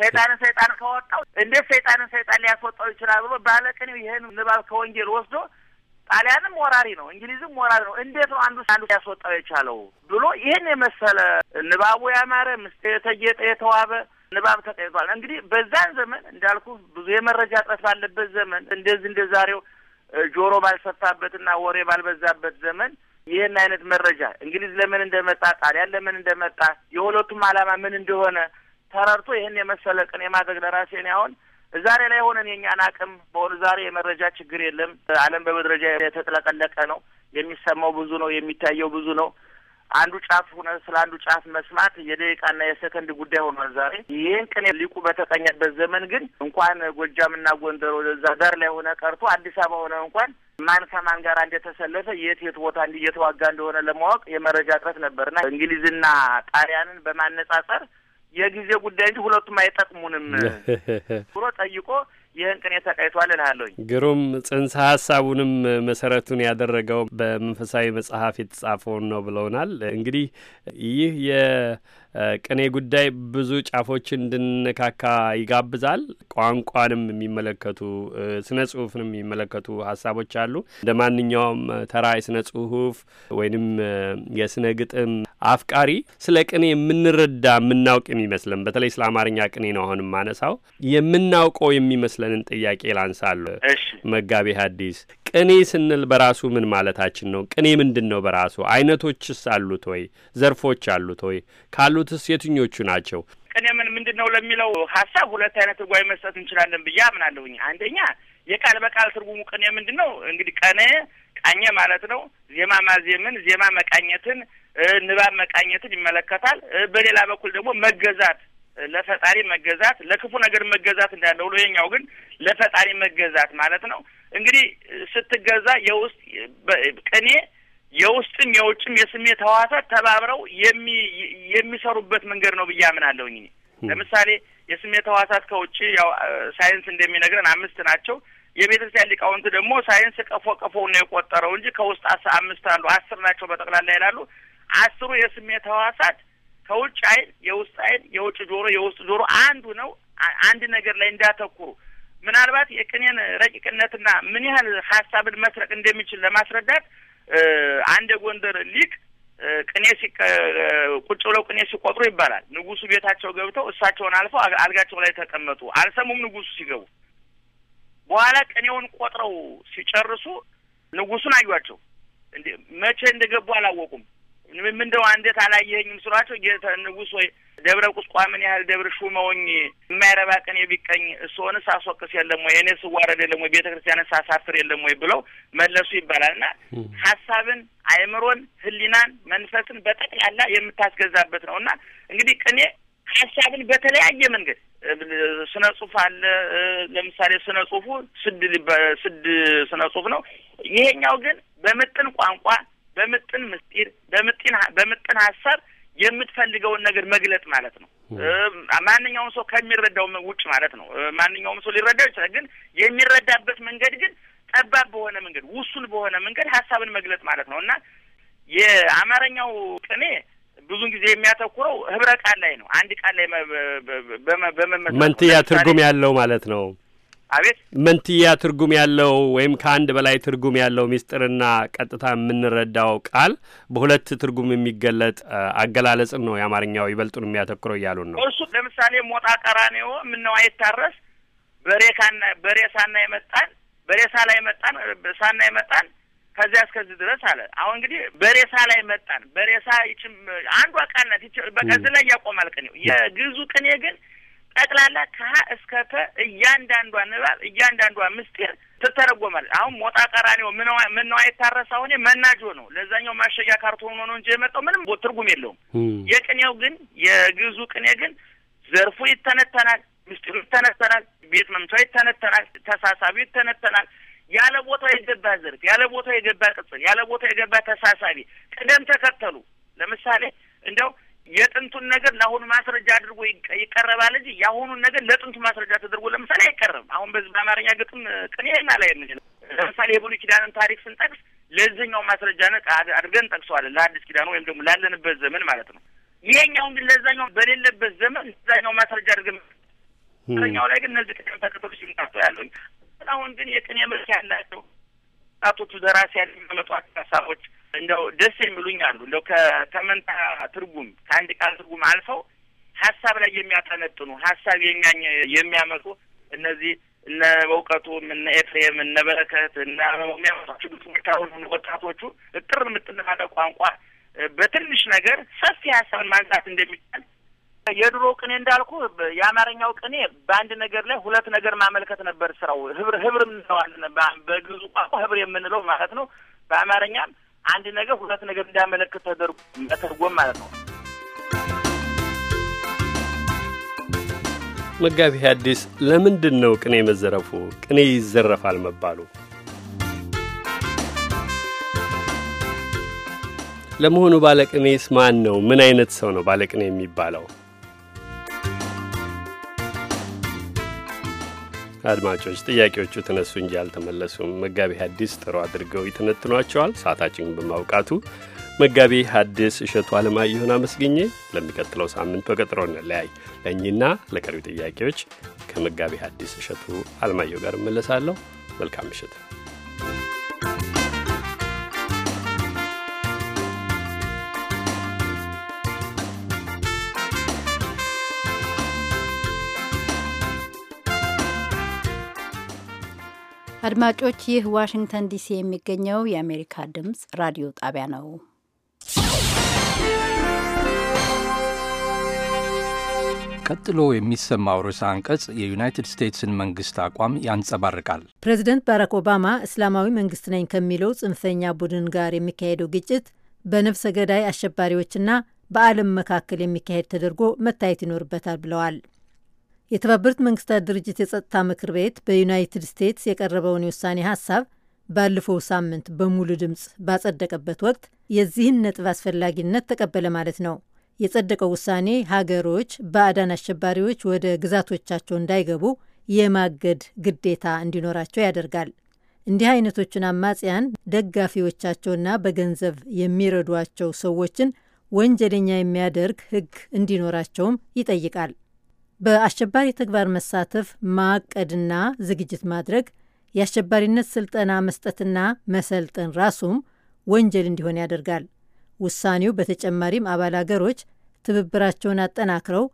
ሰይጣንን ሰይጣን ካወጣው እንዴት ሰይጣንን ሰይጣን ሊያስወጣው ይችላል ብሎ ባለቅኔው ይህን ንባብ ከወንጌል ወስዶ ጣሊያንም ወራሪ ነው፣ እንግሊዝም ወራሪ ነው። እንዴት ነው አንዱ አንዱ ያስወጣው የቻለው ብሎ ይህን የመሰለ ንባቡ ያማረ ምስ የተጌጠ የተዋበ ንባብ ተጠይቷል። እንግዲህ በዛን ዘመን እንዳልኩ ብዙ የመረጃ እጥረት ባለበት ዘመን እንደዚህ እንደ ዛሬው ጆሮ ባልሰፋበትና ወሬ ባልበዛበት ዘመን ይህን አይነት መረጃ እንግሊዝ ለምን እንደመጣ ጣሊያን ለምን እንደመጣ የሁለቱም ዓላማ ምን እንደሆነ ተረድቶ ይህን የመሰለ ቅኔ ማድረግ ለራሴ እኔ አሁን ዛሬ ላይ ሆነን የእኛን አቅም በሆኑ ዛሬ የመረጃ ችግር የለም። ዓለም በመረጃ የተጥለቀለቀ ነው። የሚሰማው ብዙ ነው። የሚታየው ብዙ ነው። አንዱ ጫፍ ሆነ ስለ አንዱ ጫፍ መስማት የደቂቃና የሰከንድ ጉዳይ ሆኗል ዛሬ። ይህን ቅኔ ሊቁ በተቀኘበት ዘመን ግን እንኳን ጎጃምና ጎንደር ወደዛ ዳር ላይ ሆነ ቀርቶ አዲስ አበባ ሆነ እንኳን ማን ከማን ጋር እንደተሰለፈ የት የት ቦታ እየተዋጋ እንደሆነ ለማወቅ የመረጃ እጥረት ነበርና እንግሊዝና ጣሊያንን በማነጻጸር የጊዜ ጉዳይ እንጂ ሁለቱም አይጠቅሙንም ብሎ ጠይቆ ይህን ቅኔ ተቀይቷል እልሃለሁኝ። ግሩም ጽንሰ ሀሳቡንም መሰረቱን ያደረገው በመንፈሳዊ መጽሐፍ የተጻፈውን ነው ብለውናል። እንግዲህ ይህ ቅኔ ጉዳይ ብዙ ጫፎችን እንድንካካ ይጋብዛል። ቋንቋንም የሚመለከቱ ስነ ጽሁፍንም የሚመለከቱ ሀሳቦች አሉ። እንደ ማንኛውም ተራ የስነ ጽሁፍ ወይንም የስነ ግጥም አፍቃሪ ስለ ቅኔ የምንረዳ የምናውቅ የሚመስለን በተለይ ስለ አማርኛ ቅኔ ነው አሁን ማነሳው የምናውቀው የሚመስለንን ጥያቄ ላንሳሉ። መጋቤ ሐዲስ ቅኔ ስንል በራሱ ምን ማለታችን ነው? ቅኔ ምንድን ነው በራሱ? አይነቶችስ አሉት ወይ? ዘርፎች አሉት ወይ? ካሉትስ የትኞቹ ናቸው? ቅኔ ምን ምንድን ነው ለሚለው ሀሳብ ሁለት አይነት ትርጓሜ መስጠት እንችላለን ብዬ አምናለሁኝ። አንደኛ የቃል በቃል ትርጉሙ ቅኔ ምንድን ነው? እንግዲህ ቀኔ ቃኘ ማለት ነው። ዜማ ማዜምን፣ ዜማ መቃኘትን፣ ንባብ መቃኘትን ይመለከታል። በሌላ በኩል ደግሞ መገዛት ለፈጣሪ መገዛት ለክፉ ነገር መገዛት እንዳለ ሁሉ ግን ለፈጣሪ መገዛት ማለት ነው። እንግዲህ ስትገዛ የውስጥ ቅኔ የውስጥም የውጭም የስሜት ህዋሳት ተባብረው የሚሰሩበት መንገድ ነው ብዬ አምናለሁ። እኔ ለምሳሌ የስሜት ህዋሳት ከውጭ ያው ሳይንስ እንደሚነግረን አምስት ናቸው። የቤተክርስቲያን ሊቃውንት ደግሞ ሳይንስ ቀፎ ቀፎ ነው የቆጠረው እንጂ ከውስጥ አምስት አሉ አስር ናቸው በጠቅላላ ይላሉ። አስሩ የስሜት ህዋሳት ከውጭ አይን፣ የውስጥ አይን፣ የውጭ ጆሮ፣ የውስጥ ጆሮ አንዱ ነው። አንድ ነገር ላይ እንዳተኩሩ ምናልባት የቅኔን ረቂቅነትና ምን ያህል ሀሳብን መስረቅ እንደሚችል ለማስረዳት አንድ የጎንደር ሊቅ ቅኔ ቁጭ ብለው ቅኔ ሲቆጥሩ ይባላል። ንጉሱ ቤታቸው ገብተው እሳቸውን አልፈው አልጋቸው ላይ ተቀመጡ። አልሰሙም ንጉሱ ሲገቡ። በኋላ ቅኔውን ቆጥረው ሲጨርሱ ንጉሱን አዩቸው። መቼ እንደገቡ አላወቁም። እንደው አንዴት አላየኸኝም ስሏቸው ጌተ ንጉሥ ወይ ደብረ ቁስቋም ምን ያህል ደብር ሹመውኝ የማይረባ ቀን የቢቀኝ እስሆን ሳስወቅስ የለም ወይ እኔ ስዋረድ የለም ወይ ቤተ ክርስቲያንን ሳሳፍር የለም ወይ ብለው መለሱ ይባላል። እና ሀሳብን፣ አእምሮን፣ ህሊናን፣ መንፈስን በጠቅላላ የምታስገዛበት ነው እና እንግዲህ ቅኔ ሀሳብን በተለያየ መንገድ ስነ ጽሁፍ አለ። ለምሳሌ ስነ ጽሁፉ ስድ ስድ ስነ ጽሁፍ ነው። ይሄኛው ግን በምጥን ቋንቋ በምጥን ምስጢር በምጥን በምጥን ሀሳብ የምትፈልገውን ነገር መግለጥ ማለት ነው። ማንኛውም ሰው ከሚረዳው ውጭ ማለት ነው። ማንኛውም ሰው ሊረዳው ይችላል። ግን የሚረዳበት መንገድ ግን ጠባብ በሆነ መንገድ፣ ውሱን በሆነ መንገድ ሀሳብን መግለጥ ማለት ነው እና የአማርኛው ቅኔ ብዙን ጊዜ የሚያተኩረው ህብረ ቃል ላይ ነው። አንድ ቃል ላይ በመመ መንትያ ትርጉም ያለው ማለት ነው። አቤት መንትያ ትርጉም ያለው ወይም ከአንድ በላይ ትርጉም ያለው ሚስጥርና ቀጥታ የምንረዳው ቃል በሁለት ትርጉም የሚገለጥ አገላለጽን ነው የአማርኛው ይበልጡን የሚያተኩረው እያሉን ነው። እርሱ ለምሳሌ ሞጣ ቀራኔዎ ምነው አይታረስ በሬ ካና በሬ ሳና የመጣን በሬሳ ላይ መጣን ሳና የመጣን ከዚያ እስከዚህ ድረስ አለ። አሁን እንግዲህ በሬሳ ላይ መጣን በሬሳ ይችም አንዷ ቃል ናት። በቀዝ ላይ ያቆማል ቅኔው የግዙ ቅኔ ግን ጠቅላላ ከሀ እስከ ተ እያንዳንዷ ንባብ እያንዳንዷ ምስጢር ትተረጎማል። አሁን ሞጣ ቀራኔው ምነው የታረሰ አሁን መናጆ ነው። ለዛኛው ማሸጊያ ካርቶን ሆኖ እንጂ የመጣው ምንም ትርጉም የለውም። የቅኔው ግን የግዙ ቅኔ ግን ዘርፉ ይተነተናል፣ ምስጢሩ ይተነተናል፣ ቤት መምቻው ይተነተናል፣ ተሳሳቢ ይተነተናል። ያለ ቦታ የገባ ዘርፍ፣ ያለ ቦታ የገባ ቅጽል፣ ያለ ቦታ የገባ ተሳሳቢ ቅደም ተከተሉ ለምሳሌ እንደው የጥንቱን ነገር ለአሁኑ ማስረጃ አድርጎ ይቀረባል እንጂ የአሁኑን ነገር ለጥንቱ ማስረጃ ተደርጎ ለምሳሌ አይቀርም። አሁን በዚህ በአማርኛ ግጥም ቅኔ ና ላይ የምንችለው ለምሳሌ የብሉ ኪዳንን ታሪክ ስንጠቅስ ለዚህኛው ማስረጃ ነቅ አድርገን ጠቅሰዋለን። ለአዲስ ኪዳን ወይም ደግሞ ላለንበት ዘመን ማለት ነው። ይሄኛውን ግን ለዛኛው በሌለበት ዘመን ለዛኛው ማስረጃ አድርገን ኛው ላይ ግን እነዚህ ቅደም ተከተሎች ሲምታቶ ያለኝ አሁን ግን የቅኔ መልክ ያላቸው ጣቶቹ ደራሲ ያለ የሚመጡ ሀሳቦች እንደው ደስ የሚሉኝ አሉ። እንደው ከተመንታ ትርጉም ከአንድ ቃል ትርጉም አልፈው ሀሳብ ላይ የሚያጠነጥኑ ሀሳብ የሚያኝ የሚያመጡ እነዚህ እነ እውቀቱም እነ ኤፍሬም እነ በረከት እነ የሚያመጣቸው ትምህርት አሁን ወጣቶቹ እጥር ምጥን ባለ ቋንቋ በትንሽ ነገር ሰፊ ሀሳብን ማንሳት እንደሚቻል የድሮ ቅኔ እንዳልኩ የአማርኛው ቅኔ በአንድ ነገር ላይ ሁለት ነገር ማመልከት ነበር ስራው። ህብር ህብር እንለዋለን በግዙ ቋንቋ ህብር የምንለው ማለት ነው። በአማርኛም አንድ ነገር ሁለት ነገር እንዳመለክት ተደርጎ መተርጎም ማለት ነው። መጋቢ አዲስ ለምንድን ነው ቅኔ መዘረፉ? ቅኔ ይዘረፋል መባሉ ለመሆኑ ባለቅኔስ ማን ነው? ምን አይነት ሰው ነው ባለቅኔ የሚባለው? አድማጮች ጥያቄዎቹ ተነሱ እንጂ አልተመለሱም። መጋቤ ሐዲስ ጥሩ አድርገው ይተነትኗቸዋል። ሰዓታችን በማውቃቱ መጋቢ ሐዲስ እሸቱ አለማየሁን አመስግኜ ለሚቀጥለው ሳምንት በቀጠሮ እንለያይ። ለእኚህና ለቀሪው ጥያቄዎች ከመጋቢ ሐዲስ እሸቱ አለማየሁ ጋር እመለሳለሁ። መልካም ምሽት። Thank you. አድማጮች ይህ ዋሽንግተን ዲሲ የሚገኘው የአሜሪካ ድምፅ ራዲዮ ጣቢያ ነው። ቀጥሎ የሚሰማው ርዕሰ አንቀጽ የዩናይትድ ስቴትስን መንግስት አቋም ያንጸባርቃል። ፕሬዚደንት ባራክ ኦባማ እስላማዊ መንግስት ነኝ ከሚለው ጽንፈኛ ቡድን ጋር የሚካሄደው ግጭት በነፍሰ ገዳይ አሸባሪዎችና በዓለም መካከል የሚካሄድ ተደርጎ መታየት ይኖርበታል ብለዋል። የተባበሩት መንግስታት ድርጅት የጸጥታ ምክር ቤት በዩናይትድ ስቴትስ የቀረበውን የውሳኔ ሀሳብ ባለፈው ሳምንት በሙሉ ድምፅ ባጸደቀበት ወቅት የዚህን ነጥብ አስፈላጊነት ተቀበለ ማለት ነው። የጸደቀው ውሳኔ ሀገሮች ባዕዳን አሸባሪዎች ወደ ግዛቶቻቸው እንዳይገቡ የማገድ ግዴታ እንዲኖራቸው ያደርጋል። እንዲህ አይነቶችን አማጽያን ደጋፊዎቻቸውና በገንዘብ የሚረዷቸው ሰዎችን ወንጀለኛ የሚያደርግ ሕግ እንዲኖራቸውም ይጠይቃል። በአሸባሪ ተግባር መሳተፍ ማቀድና ዝግጅት ማድረግ፣ የአሸባሪነት ስልጠና መስጠትና መሰልጠን ራሱም ወንጀል እንዲሆን ያደርጋል። ውሳኔው በተጨማሪም አባል አገሮች ትብብራቸውን አጠናክረው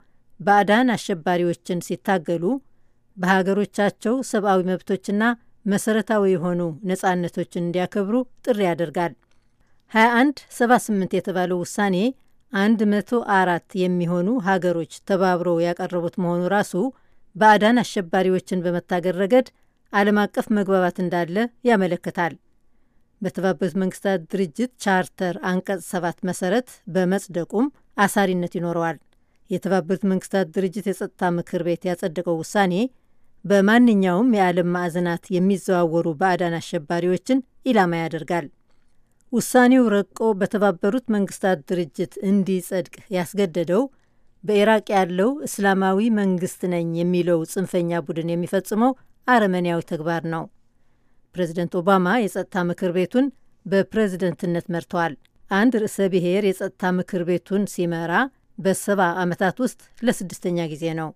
ባዕዳን አሸባሪዎችን ሲታገሉ በሀገሮቻቸው ሰብአዊ መብቶችና መሰረታዊ የሆኑ ነጻነቶችን እንዲያከብሩ ጥሪ ያደርጋል። 2178 የተባለው ውሳኔ 104 የሚሆኑ ሀገሮች ተባብረው ያቀረቡት መሆኑ ራሱ ባዕዳን አሸባሪዎችን በመታገል ረገድ ዓለም አቀፍ መግባባት እንዳለ ያመለክታል። በተባበሩት መንግስታት ድርጅት ቻርተር አንቀጽ ሰባት መሰረት በመጽደቁም አሳሪነት ይኖረዋል። የተባበሩት መንግስታት ድርጅት የጸጥታ ምክር ቤት ያጸደቀው ውሳኔ በማንኛውም የዓለም ማዕዘናት የሚዘዋወሩ ባዕዳን አሸባሪዎችን ኢላማ ያደርጋል። ውሳኔው ረቆ በተባበሩት መንግስታት ድርጅት እንዲጸድቅ ያስገደደው በኢራቅ ያለው እስላማዊ መንግስት ነኝ የሚለው ጽንፈኛ ቡድን የሚፈጽመው አረመኔያዊ ተግባር ነው። ፕሬዚደንት ኦባማ የጸጥታ ምክር ቤቱን በፕሬዝደንትነት መርተዋል። አንድ ርዕሰ ብሔር የጸጥታ ምክር ቤቱን ሲመራ በሰባ ዓመታት ውስጥ ለስድስተኛ ጊዜ ነው።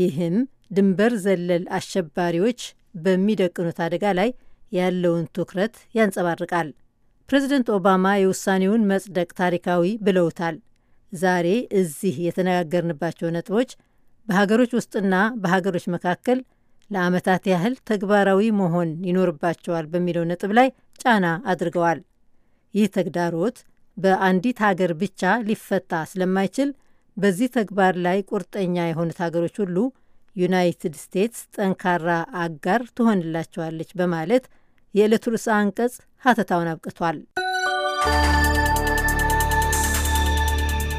ይህም ድንበር ዘለል አሸባሪዎች በሚደቅኑት አደጋ ላይ ያለውን ትኩረት ያንጸባርቃል። ፕሬዚደንት ኦባማ የውሳኔውን መጽደቅ ታሪካዊ ብለውታል። ዛሬ እዚህ የተነጋገርንባቸው ነጥቦች በሀገሮች ውስጥና በሀገሮች መካከል ለዓመታት ያህል ተግባራዊ መሆን ይኖርባቸዋል በሚለው ነጥብ ላይ ጫና አድርገዋል። ይህ ተግዳሮት በአንዲት ሀገር ብቻ ሊፈታ ስለማይችል በዚህ ተግባር ላይ ቁርጠኛ የሆኑት ሀገሮች ሁሉ ዩናይትድ ስቴትስ ጠንካራ አጋር ትሆንላቸዋለች በማለት የዕለቱ ርዕሰ አንቀጽ ሀተታውን አብቅቷል።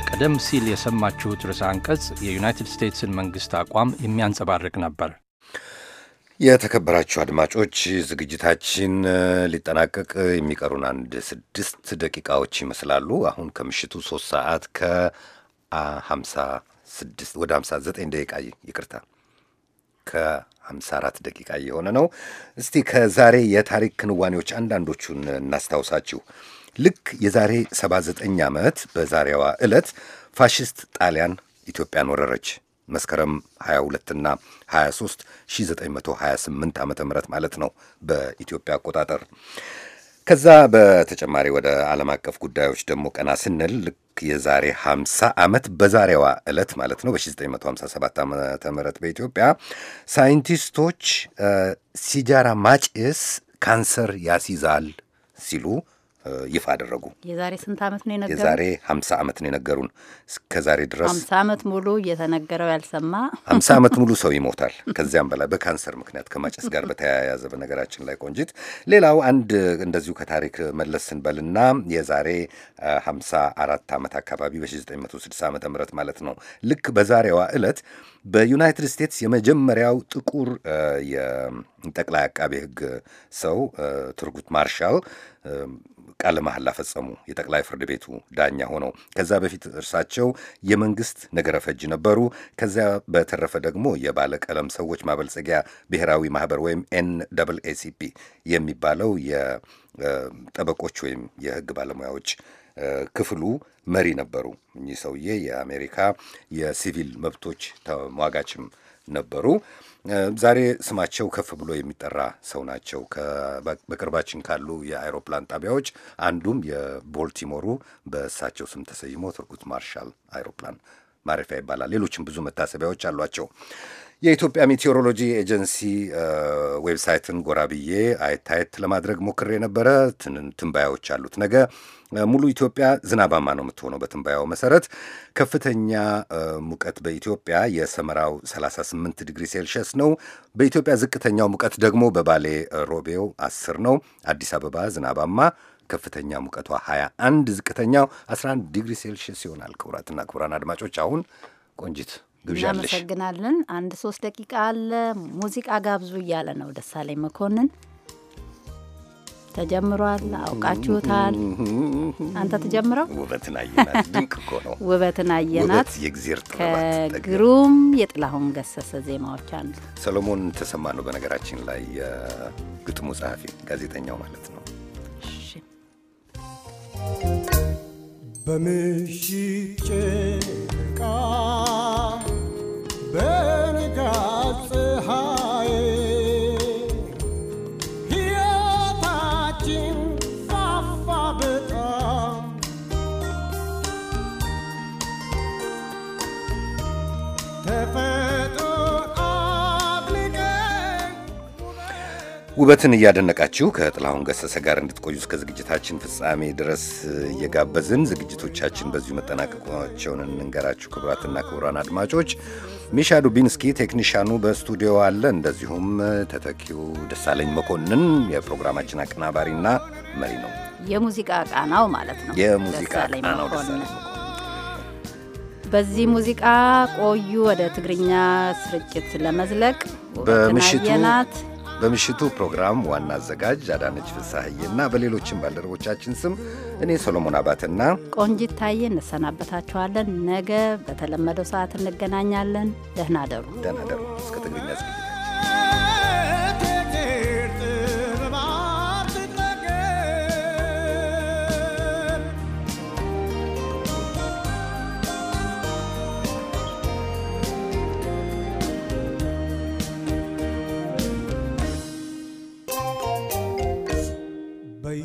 ቀደም ሲል የሰማችሁት ርዕሰ አንቀጽ የዩናይትድ ስቴትስን መንግሥት አቋም የሚያንጸባርቅ ነበር። የተከበራችሁ አድማጮች ዝግጅታችን ሊጠናቀቅ የሚቀሩን አንድ ስድስት ደቂቃዎች ይመስላሉ። አሁን ከምሽቱ ሶስት ሰዓት ከ ስድስት ወደ ዘጠኝ ደቂቃ ይቅርታ 54 ደቂቃ እየሆነ ነው። እስቲ ከዛሬ የታሪክ ክንዋኔዎች አንዳንዶቹን እናስታውሳችሁ። ልክ የዛሬ 79 ዓመት በዛሬዋ ዕለት ፋሽስት ጣሊያን ኢትዮጵያን ወረረች። መስከረም 22ና 23 1928 ዓ ም ማለት ነው በኢትዮጵያ አቆጣጠር። ከዛ በተጨማሪ ወደ ዓለም አቀፍ ጉዳዮች ደግሞ ቀና ስንል ልክ የዛሬ 50 ዓመት በዛሬዋ ዕለት ማለት ነው በ1957 ዓ ም በኢትዮጵያ ሳይንቲስቶች ሲጃራ ማጭስ ካንሰር ያሲዛል ሲሉ ይፋ አደረጉ። የዛሬ ስንት ዓመት ነው የነገሩን? የዛሬ ሀምሳ ዓመት ነው የነገሩን። እስከዛሬ ድረስ ሀምሳ ዓመት ሙሉ እየተነገረው ያልሰማ ሀምሳ ዓመት ሙሉ ሰው ይሞታል፣ ከዚያም በላይ በካንሰር ምክንያት ከማጨስ ጋር በተያያዘ በነገራችን ላይ ቆንጂት። ሌላው አንድ እንደዚሁ ከታሪክ መለስ ስንበልና የዛሬ ሀምሳ አራት ዓመት አካባቢ በ1960 ዓ ም ማለት ነው ልክ በዛሬዋ ዕለት በዩናይትድ ስቴትስ የመጀመሪያው ጥቁር የጠቅላይ አቃቤ ሕግ ሰው ትርጉት ማርሻል ቃለ መሐላ ፈጸሙ። የጠቅላይ ፍርድ ቤቱ ዳኛ ሆነው ከዛ በፊት እርሳቸው የመንግስት ነገረ ፈጅ ነበሩ። ከዚያ በተረፈ ደግሞ የባለቀለም ሰዎች ማበልጸጊያ ብሔራዊ ማህበር ወይም ኤን ደብል የሚባለው የጠበቆች ወይም የህግ ባለሙያዎች ክፍሉ መሪ ነበሩ። እኚህ ሰውዬ የአሜሪካ የሲቪል መብቶች ተሟጋችም ነበሩ። ዛሬ ስማቸው ከፍ ብሎ የሚጠራ ሰው ናቸው። በቅርባችን ካሉ የአይሮፕላን ጣቢያዎች አንዱም የቦልቲሞሩ በእሳቸው ስም ተሰይሞ ትርጉት ማርሻል አይሮፕላን ማረፊያ ይባላል። ሌሎችም ብዙ መታሰቢያዎች አሏቸው። የኢትዮጵያ ሜቴዎሮሎጂ ኤጀንሲ ዌብሳይትን ጎራ ብዬ አየታየት ለማድረግ ሞክሬ ነበረ። ትንባያዎች አሉት። ነገ ሙሉ ኢትዮጵያ ዝናባማ ነው የምትሆነው። በትንባያው መሰረት ከፍተኛ ሙቀት በኢትዮጵያ የሰመራው 38 ዲግሪ ሴልሺየስ ነው። በኢትዮጵያ ዝቅተኛው ሙቀት ደግሞ በባሌ ሮቤው 10 ነው። አዲስ አበባ ዝናባማ ከፍተኛ ሙቀቷ 21፣ ዝቅተኛው 11 ዲግሪ ሴልሺየስ ይሆናል። ክቡራትና ክቡራን አድማጮች አሁን ቆንጂት ግብዣለሽ። እናመሰግናለን። አንድ ሶስት ደቂቃ አለ። ሙዚቃ ጋብዙ እያለ ነው ደሳለኝ መኮንን። ተጀምሯል። አውቃችሁታል። አንተ ተጀምረው ውበትን አየናት። ድንቅ እኮ ነው። ውበትን አየናት ከግሩም የጥላሁን ገሰሰ ዜማዎች አንዱ ሰሎሞን ተሰማ ነው። በነገራችን ላይ የግጥሙ ጸሐፊ ጋዜጠኛው ማለት ነው። በምሽት ጨረቃ Baby. ውበትን እያደነቃችሁ ከጥላሁን ገሰሰ ጋር እንድትቆዩ እስከ ዝግጅታችን ፍጻሜ ድረስ እየጋበዝን ዝግጅቶቻችን በዚሁ መጠናቀቋቸውን እንንገራችሁ። ክቡራትና ክቡራን አድማጮች ሚሻ ዱቢንስኪ ቴክኒሻኑ በስቱዲዮ አለ። እንደዚሁም ተተኪው ደሳለኝ መኮንን የፕሮግራማችን አቀናባሪና መሪ ነው። የሙዚቃ ቃናው ማለት ነው። የሙዚቃ ቃናው ደሳለኝ በዚህ ሙዚቃ ቆዩ። ወደ ትግርኛ ስርጭት ለመዝለቅ በምሽቱ በምሽቱ ፕሮግራም ዋና አዘጋጅ አዳነች ፍሳሐዬና በሌሎችም ባልደረቦቻችን ስም እኔ ሰሎሞን አባትና ቆንጂት ታዬ እንሰናበታችኋለን። ነገ በተለመደው ሰዓት እንገናኛለን። ደህና ደሩ። ደህና ደሩ። እስከ ትግርኛ ዝግጅት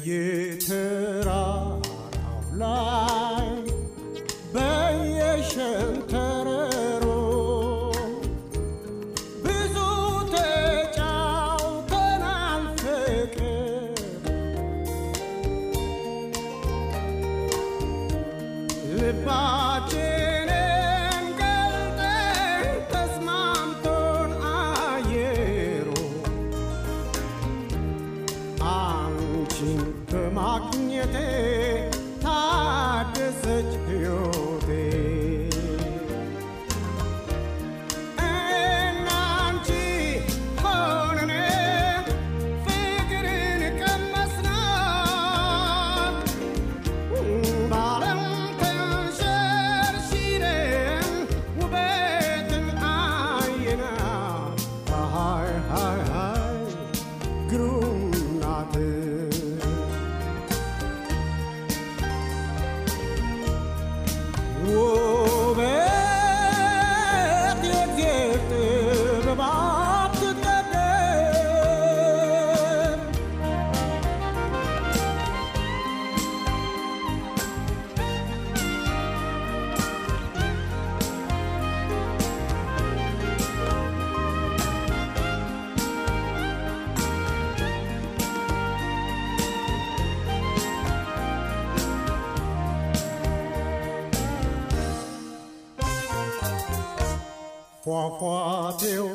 You turn. 花酒。